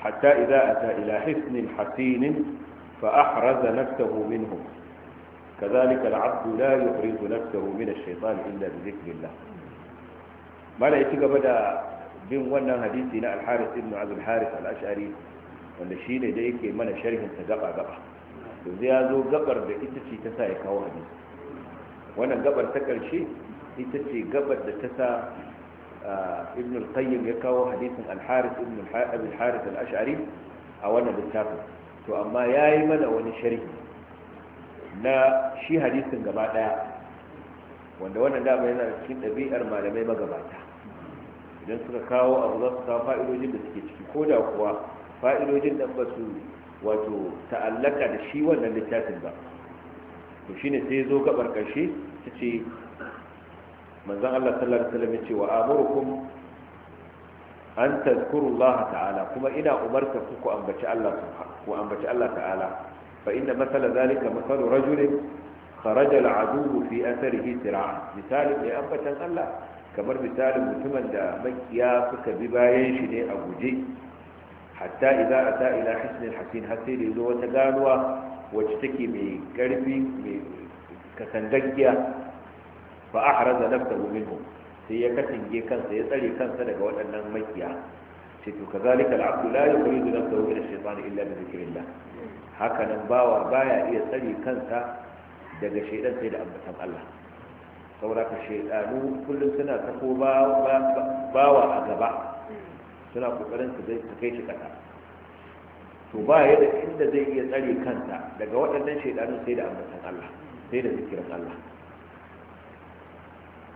حتى إذا أتى إلى حسن حسين فأحرز نفسه منه كذلك العبد لا يحرز نفسه من الشيطان إلا بذكر الله ما لا بدأ bin wannan hadisi na alharis ibn abdul haris al wanda shi ne da yake mana sharhin ta gaba gaba yanzu ya zo gabar da ita ce ta sa ya kawo hadisi wannan gabar ta karshe ita ce gabar da ta sa ibn al-qayyim ya kawo hadisin al-haris ibn al-haris al-ash'ari a wannan littafin to amma yayi mana wani sharhi na shi hadisin gaba daya wanda wannan dama yana cikin ɗabi'ar malamai magabata idan suka kawo abu za su kawo fa'idojin da suke ciki ko da kuwa fa'idojin ɗan ba su wato ta'allaka da shi wannan littafin ba to shine sai zo gabar ƙarshe ta ce manzon Allah sallallahu alaihi wasallam yace wa amurukum an Allah ta'ala kuma ina umarta ku ku ambaci Allah ku ambaci Allah ta'ala fa inna mathala zalika mathalu rajulin kharaja al'adu fi atharihi sir'a misali ne ambatan Allah kamar misalin mutumin da makiya suka bi bayan shi ne a guje hatta idza ata ila hisnil hasin har sai da zo wata ganuwa wacce take mai karfi mai kasangaggiya fa ahraza nafsahu minhum sai ya katinge kansa ya tsare kansa daga waɗannan makiya sai to kazalika al-abdu la yuridu nafsahu min ash-shaytan illa bi dhikrillah haka nan bawa baya iya tsare kansa daga shaydan sai da ambatan Allah sauraka shaydanu kullum suna tako bawa a gaba suna kokarin su zai kai shi kasa to ba ya da inda zai iya tsare kansa daga waɗannan shaydanun sai da ambatan Allah sai da zikirin Allah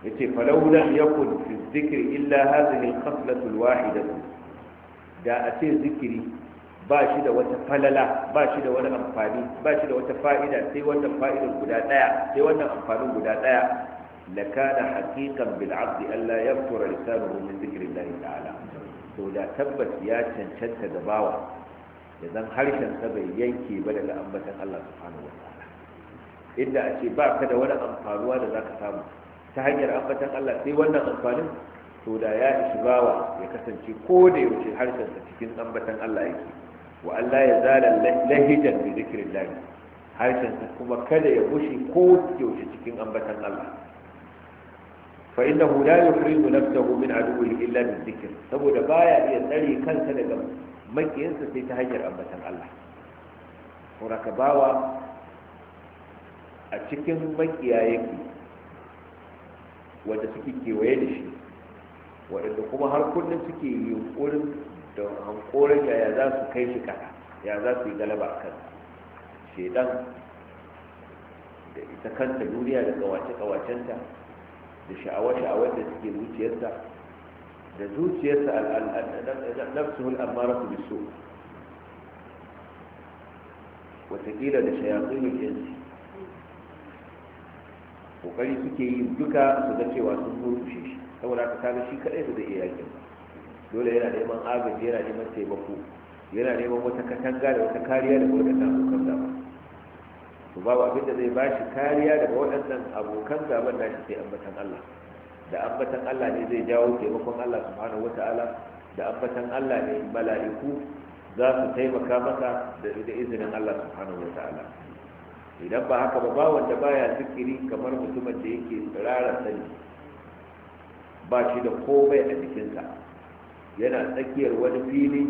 yace falau lam yakun fi dhikri illa hadhihi al-qaslatu al-wahidatu da a ce zikiri ba shi da wata falala ba shi da wani amfani ba shi da wata fa'ida sai wannan fa'idar guda daya sai wannan amfanin guda daya la kana haqiqan bil 'abdi alla yaftura lisanuhu min dhikrillah ta'ala to da tabbas ya cancanta da bawa idan harshen sa bai yanke ba da ambatan Allah subhanahu wa ta'ala inda a ce ba ka da wani amfanuwa da zaka samu ta hanyar ambatan Allah sai wannan amfanin to da ya ishi bawa ya kasance ko da yaushe harshensa cikin ambatan Allah yake wa Allah ya zala lahijan bi zikrillah harshensa kuma kada ya bushe ko yaushe cikin ambatan Allah fa innahu la yukhrizu nafsahu min aduwwihi illa bi dhikr saboda baya iya tsare kansa daga makiyansa sai ta hanyar ambatan Allah saboda bawa a cikin makiya yake wanda suke kewaye da shi waɗanda kuma har kullum suke yunkurin da hankorin yaya za su kai shi kasa ya za su yi galaba a kan shaidan da ita kanta duniya da kawace-kawacenta da sha'awa-sha'awar da suke zuciyarsa da zuciyarsa nafsuhul amara su biso watakila da shayatun yanzu kokari suke yi duka su ga cewa sun murkushe shi saboda ka kaga shi kadai ba zai iya yakin dole yana neman agaji yana neman taimako yana neman wata katanga da wata kariya daga waɗannan abokan gaba to babu abin da zai ba shi kariya daga waɗannan abokan gaban shi sai ambatan Allah da ambatan Allah ne zai jawo taimakon Allah subhanahu wata'ala da ambatan Allah ne mala'iku za su taimaka maka da izinin Allah subhanahu wata'ala idan ba haka ba ba wanda baya zikiri kamar mutumin da yake tsirara sani ba shi da komai a jikinsa yana tsakiyar wani fili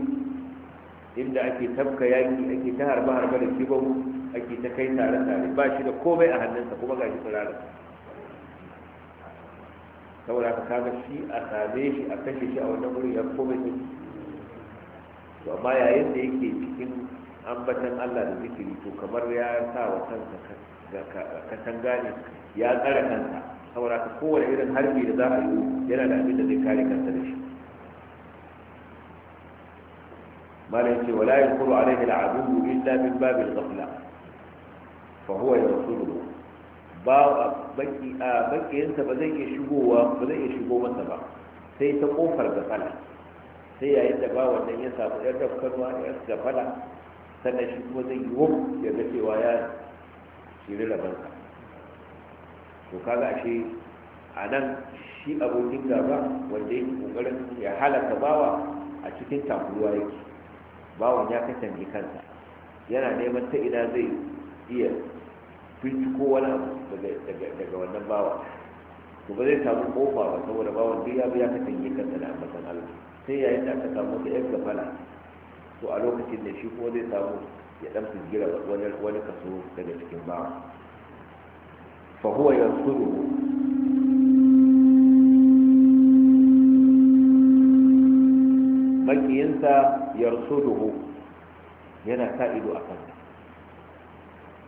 inda ake tafka yaki ake ta harba harba da kibabu ake ta kai tare tare ba shi da komai a hannunsa kuma ga shi tsirara saboda haka kaga shi a same shi a kashe shi a wannan wurin ya komai to amma yayin da yake cikin ambatan Allah da zikiri to kamar ya sa wa kansa katanga ne ya tsara kansa saboda ka kowane irin harbi da za a yi yana da abin da zai kare kansa da shi malam ce wala yakuru alaihi al'adu illa min babil ghafla fa huwa yasulu ba baki a bakiyinsa ba zai iya shigowa ba zai iya shigo masa ba sai ta kofar gafala sai yayin da ba wannan ya samu yar gafalwa yar gafala sannan shi kuma zai yi wuk ya ga cewa ya shiri rabansa to kaga ashe a nan shi abokin gaba wanda yake kokarin ya halatta bawa a cikin takuruwa yake bawan ya mai kansa yana neman ta ina zai iya binciko wani abu daga wannan bawa to ba zai samu kofa ba saboda bawan duk ya biya ya kasance kansa da ambatan Allah sai yayin da aka samu ta yan gafala to a lokacin da shi ko zai samu ya dan fizgira wani kaso daga cikin bawa fa huwa yansuru makiyinsa yarsuduhu yana sa ido a kansa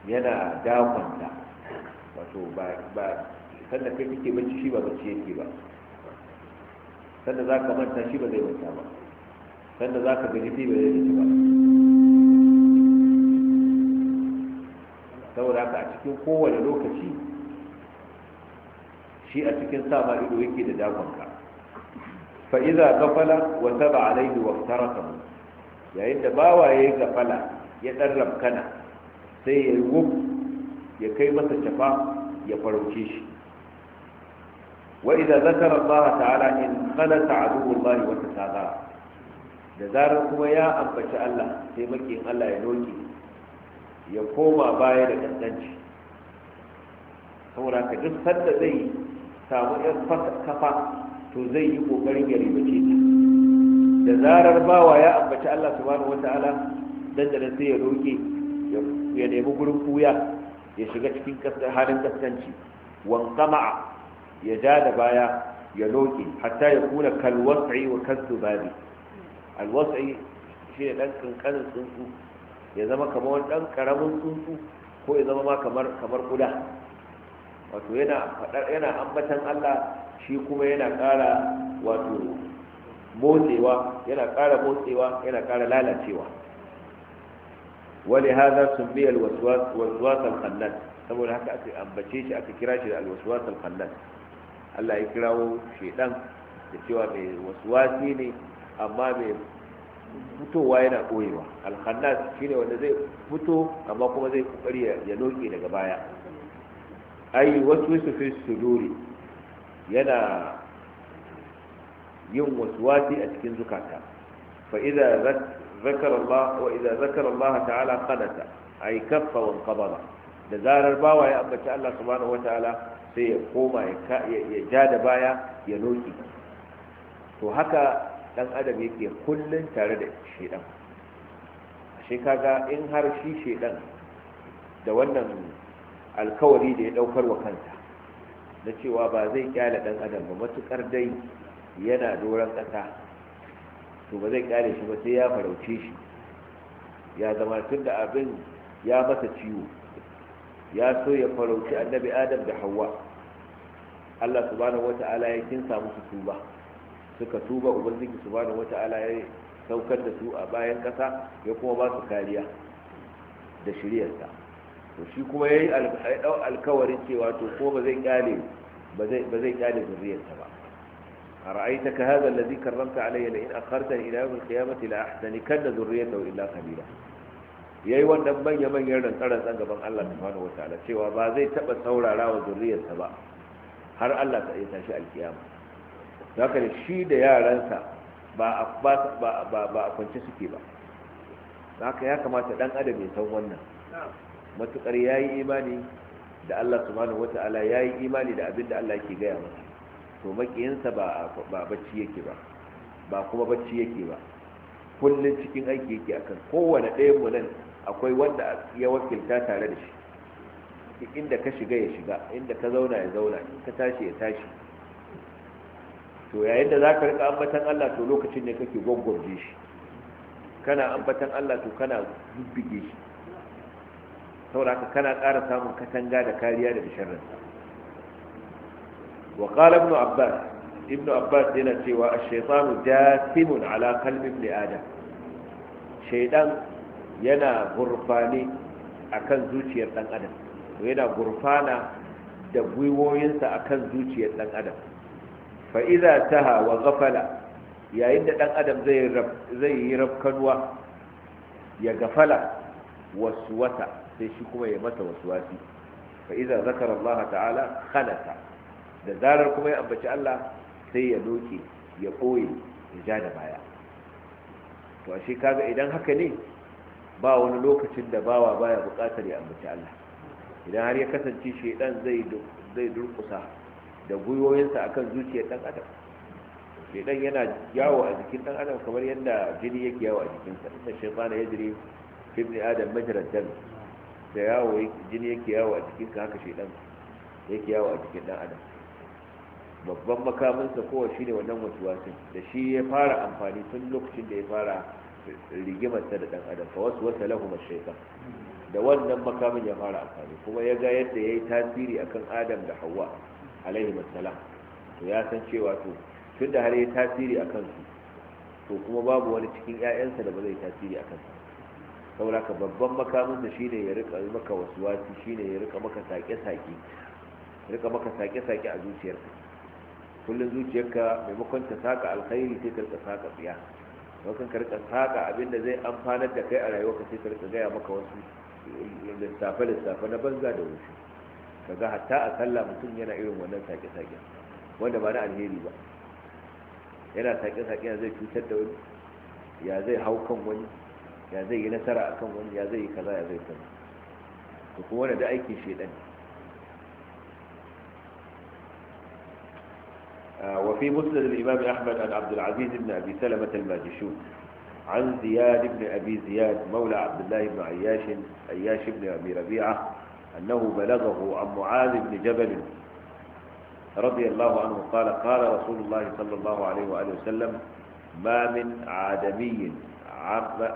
yana dakonta wato ba sanda kai kake bacci shi ba bacci yake ba sanda za ka manta shi ba zai manta ba sanda za ka gaji fi ba zai ci ba saboda haka a cikin kowane lokaci shi a cikin sa ma ido yake da dagonka fa iza gafala wa taba alaihi wa yayin da bawaye gafala ya dan rabkana sai ya wuf ya kai masa tafa ya farauce shi wa idza zakara Allah ta'ala in khalasa aduwwu Allah wa tasagara da zarar kuma ya ambaci Allah sai makin Allah ya doke ya koma baya da kasance saboda ka duk sanda zai samu yan kafa to zai yi ƙoƙarin ya ribace ta da zarar bawa ya ambaci Allah wata ala, dan da sai ya roke ya nemi gurin kuya ya shiga cikin halin kaskanci wan ya ja da baya ya loke hatta ya kuna kalwasi wa kadzubabi alwasai shi ne ɗan ƙanƙanin tsuntsu ya zama kamar wani ɗan ƙaramin tsuntsu ko ya zama ma kamar kuda wato yana ambatan allah shi kuma yana ƙara wato motsewa yana ƙara motsewa yana ƙara lalacewa wani haza sun biya alwaswasan kannan saboda haka aka ambace shi aka kira shi da alwaswasan kannan allah ya kirawo shedan da cewa mai waswasi ne amma mai fitowa yana ɓoyewa alhannas shine wanda zai fito amma kuma zai kokari ya loke daga baya ai wasu wasu fi suduri yana yin wasu wasi a cikin zukata fa idza zakara Allah wa idza zakara Allah ta'ala qanata ai kaffa wa qabada da zarar bawa ya ambaci Allah subhanahu wa ta'ala sai ya koma ya ja da baya ya loke to haka dan adam yake kullun tare da shedan shi kaga in har shi shedan da wannan alkawari da ya daukar wa kanta, na cewa ba zai kyale dan adam ba matukar dai yana doron kasa to ba zai kyale shi ba sai ya farauce shi ya zama tun da abin ya masa ciwo ya so ya farauci annabi adam da hawa allah subhanahu wata'ala ya kinsa musu tuba suka tuba ubangiji wata ala ya saukar da su a bayan kasa ya kuma ba su kariya da shiryarsa to shi kuma yi alkawarin cewa to ko ba zai kyale ba zai ba zai kyale zuriyarsa ba أرأيتك هذا الذي كرمت علي لئن da إلى يوم القيامة wa ذريته kabila. Ya yi wannan manya manyan rantsar san gaban Allah subhanahu wataala cewa ba zai taba saurara wa zuriyarsa ba har Allah ta yi tashi alkiyama haka da shi da yaransa ba a kwance suke ba haka ya kamata dan adam ya san wannan matukar ya yi imani da Allah subhanahu wata'ala ya yi imani da abin da Allah ke gaya masa to makiyinsa ba bacci yake ba ba kuma bacci yake ba kullum cikin aiki yake akan kowane ɗayan mu nan akwai wanda ya wakilta tare da shi inda ka shiga ya shiga inda ka zauna ya zauna ka tashi ya tashi to yayin da zaka rika ambatan Allah to lokacin ne kake gwaggwaje shi kana ambatan Allah to kana bibbige shi saboda kana ƙara samun katanga da kariya daga sharrinsa wa qala ibn abbas ibn abbas yana cewa ash shaytan jasimun ala qalbi ibn adam shaytan yana gurfani akan zuciyar dan adam yana gurfana da gwiwoyinsa akan zuciyar dan adam Fa'iza ta taha gafala, yayin da ɗan adam zai yi rafkanwa ya gafala wata, sai shi kuma ya masa wasu fa Fa'iza zakara Allah ta'ala khalasa da zarar kuma ya ambaci Allah sai ya doke ya ɓoye, ya ja da baya to ashe kaga idan haka ne ba wani lokacin da bawa baya bukatar ya ambaci Allah idan har ya kasance shedan ɗan zai durkusa da gwiwoyinsa kan zuciyar ɗan adam shaitan yana yawo a jikin ɗan adam kamar yadda jini yake yawo a jikinsa inda shaitan ya jiri ibn adam majalar dan da yawo jini yake yawo a jikinka haka shaitan yake yawo a jikin ɗan adam babban makaminsa kowa shi ne wannan wasin da shi ya fara amfani tun lokacin da ya fara rigimarsa da ɗan adam fa wasu wasa lahumar mashaitan da wannan makamin ya fara amfani kuma ya ga yadda ya yi tasiri akan adam da hawa alaihi salam to ya san cewa to tun da har ya tasiri a kansu to kuma babu wani cikin 'ya'yansa da ba zai tasiri a kansa saboda ka babban makamin da shine ya rika maka wasuwasi shine ya rika maka sake-sake rika maka sake-sake a zuciyarka kullum zuciyarka maimakon ta saka alkhairi sai ta rika saka tsiya maimakon ka rika saka abin da zai amfanar da kai a rayuwarka sai ta rika gaya maka wasu lissafe-lissafe na banza da wuce kaga hatta a sallah mutum yana irin wannan sake-sake wanda ba na alheri ba yana sake-sake ya zai cutar da wani ya zai hau kan wani ya zai yi nasara a kan wani ya zai yi kaza ya zai kaza to kuma wanda da aikin shedan وفي مسند الإمام أحمد عن عبد العزيز بن أبي سلمة الماجشون عن زياد بن أبي زياد مولى عبد الله بن عياش عياش بن أبي ربيعة أنه بلغه عن معاذ بن جبل رضي الله عنه قال قال رسول الله صلى الله عليه وآله وسلم ما من آدمي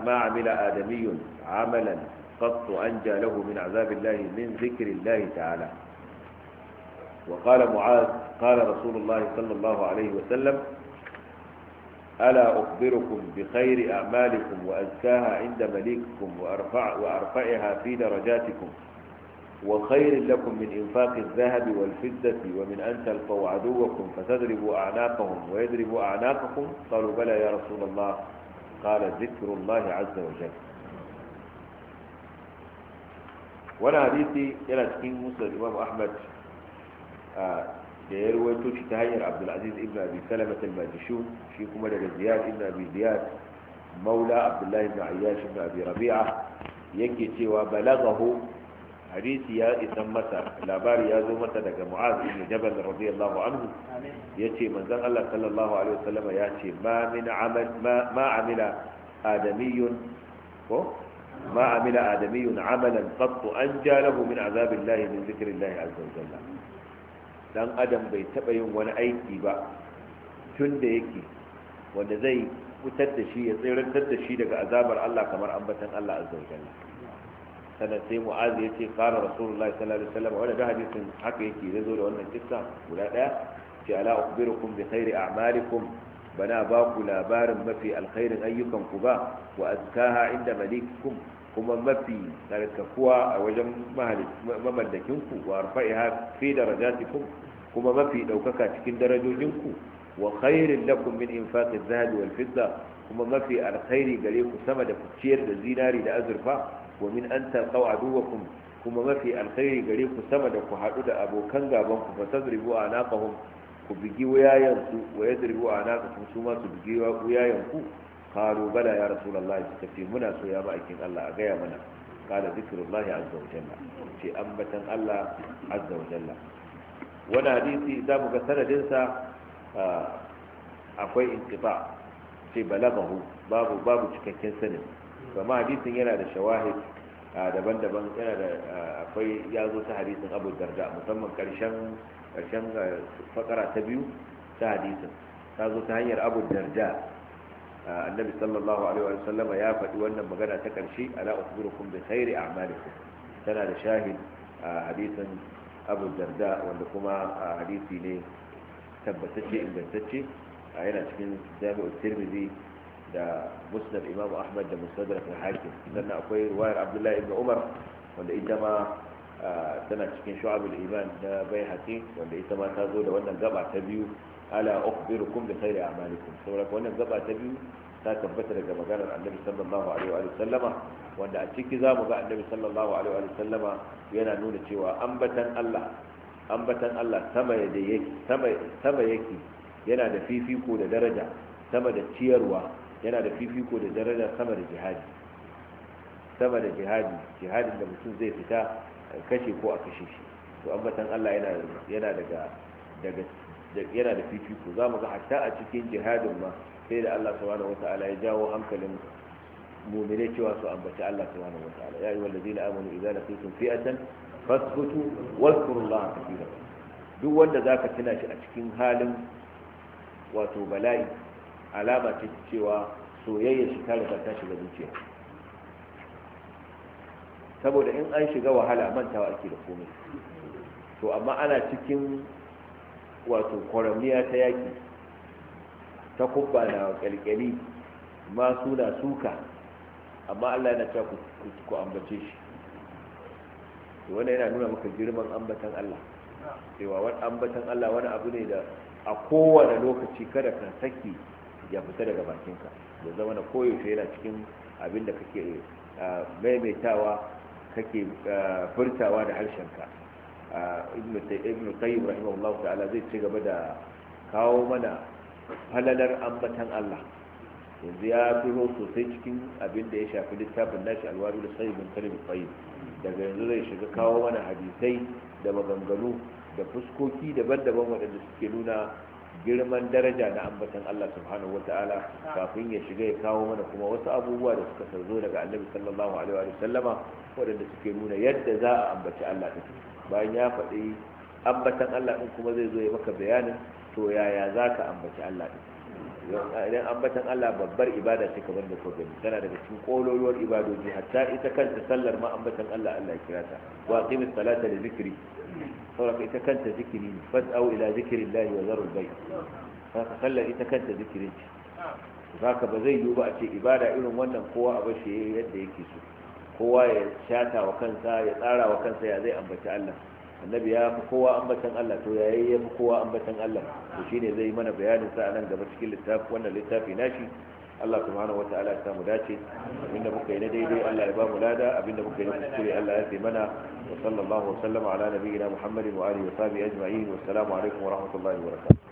ما عمل آدمي عملا قط أنجى له من عذاب الله من ذكر الله تعالى وقال معاذ قال رسول الله صلى الله عليه وسلم ألا أخبركم بخير أعمالكم وأزكاها عند مليككم وأرفع وأرفعها في درجاتكم وخير لكم من انفاق الذهب و ومن ان تلقوا عدوكم فتضربوا اعناقهم ويضربوا اعناقكم قالوا بلى يا رسول الله قال ذكر الله عز وجل وانا حديثي الى سكين موسى الامام احمد إ م ا م توشي تهير عبد العزيز ابن ابي سلمه ب ي س الماجشون في ك بن زياد ابن ابي زياد مولى عبد الله بن عياش بن ابي ربيعه ي ر ب وبلغه hadisi ya isan masa labari ya zo masa daga mu'az ibn jabal radiyallahu anhu yace manzon Allah sallallahu alaihi wasallam ya ce ma min amal ma amila adamiyun ko ma amila adamiyun amalan qatt an jalahu min azabillahi min zikrillahi azza wa jalla dan adam bai taba yin wani aiki ba tun da yake wanda zai fitar da shi ya tsirantar da shi daga azabar Allah kamar ambatan Allah azza wa jalla sannan sai mu'az ya ce qala rasulullahi sallallahu alaihi wasallam wannan da hadisin haka yake zai zo da wannan kissa guda daya ce ala ukhbirukum bi khairi a'malikum bana ba ku labarin mafi alkhairin ayyukan ku ba wa azkaha inda malikikum kuma mafi tsarkakuwa a wajen ku wa arfa'iha fi darajatikum kuma mafi ɗaukaka cikin ku wa khairin lakum min infaqi zahabi wal fidda kuma mafi alkhairi gare ku sama da kuciyar da zinari da azurfa an min a talqaw aduwakum kuma mafi alkhairi gare ku sama da ku haɗu da abokan gaban ku fatadribu anaqahum ku bigi wayayen su wa yadribu anaqakum su ma su bigi wayayen ku qalu bala ya rasulullahi kace muna so ya ma'aikin Allah a gaya mana qala zikrullahi azza wa jalla ce ambatan Allah azza jalla wani hadisi za mu ga sanadinsa akwai inqita ce balagahu babu babu cikakken sanin kama hadisin yana da shawahid daban-daban yana da akwai ya zo ta hadisin abu darda musamman karshen fakara ta biyu ta hadisin ta zo ta hanyar abu darda annabi sallallahu alaihi wa sallama ya faɗi wannan magana ta karshe ala ukhbirukum bi khairi a'malikum tana da shahid hadisin abu darda wanda kuma hadisi ne tabbatacce ingantacce yana cikin jami'ar tirmidhi da musnad imamu ahmad da musnadar hakim sannan akwai ruwayar abdullahi ibn umar wanda ita ma tana cikin shu'abul iman na bai haƙi wanda ita ma ta zo da wannan gaba ta biyu ala ukhbirukum bi khairi a'malikum saboda wannan gaba ta biyu ta tabbata daga maganar annabi sallallahu alaihi wa sallama wanda a ciki za mu ga annabi sallallahu alaihi wa sallama yana nuna cewa ambatan Allah ambatan Allah sama da yake sama sama yake yana da fifiko da daraja sama da ciyarwa yana da fifiko da daraja sama da jihadi sama da jihadi jihadin da mutum zai fita kashe ko a kashe shi to ambatan Allah yana daga daga yana da fifiko za mu ga hatta a cikin jihadin ma sai da Allah subhanahu wataala ya jawo hankalin mu'mine cewa su ambaci Allah subhanahu wataala ya ayyuhal ladina amanu idza laqitum fi'atan fasbutu wadhkurullaha kathiran duk wanda zaka tuna shi a cikin halin wato bala'i alama ce cewa soyayya shi ta riga ta shiga zuciya saboda in an shiga wahala mantawa ake da komai to amma ana cikin wato kwaramiya ta yaki ta kubba na kalkali ma suna suka amma allah yana ta ku ambace shi to wannan yana nuna maka girman ambatan allah cewa wani ambatan allah wani abu ne da a kowane lokaci kada ka saki ya fita daga bakinka da zama na koyaushe yana cikin abin da kake maimaitawa kake furtawa da harshenka ibn qayyim rahimahullah ta'ala zai ci gaba da kawo mana falalar ambatan Allah yanzu ya firo sosai cikin abin da ya shafi littafin nashi alwaru da sayyid bin qayyim daga yanzu zai shiga kawo mana hadisai da maganganu da fuskoki daban-daban waɗanda suke nuna girman daraja na ambatan Allah subhanahu ta'ala kafin ya shiga ya kawo mana kuma wasu abubuwa da suka sauzo daga annabi sallallahu alaihi wa sallama waɗanda suke nuna yadda za a ambaci Allah din bayan ya faɗi ambatan Allah ɗin kuma zai zo ya maka bayanin to yaya za ka ambaci Allah idan ambatan Allah babbar ibada ce kamar da ko gani tana daga cikin kololuwar ibadoji hatta ita kanta sallar ma ambatan Allah Allah ya kira ta wa qimis salata da zikri saboda ita kanta zikiri ne fas'au ila zikrillahi wa zarul bayt haka sallar ita kanta zikirin ce zaka ba zai yiwu ba a ce ibada irin wannan kowa a bashi yayi yadda yake so kowa ya shata wa kansa ya tsara wa kansa ya zai ambaci Allah annabi ya fi kowa ambatan Allah to yayi ya fi kowa ambatan Allah to shine zai mana bayanin sa nan gaba cikin littafi wannan littafi nashi Allah subhanahu wataala ya samu dace abinda muka yi na daidai Allah ya ba mu lada abinda muka yi na kuskure Allah ya fi mana وصلى الله وسلم على نبينا محمد وآله وصحبه أجمعين والسلام عليكم ورحمة الله وبركاته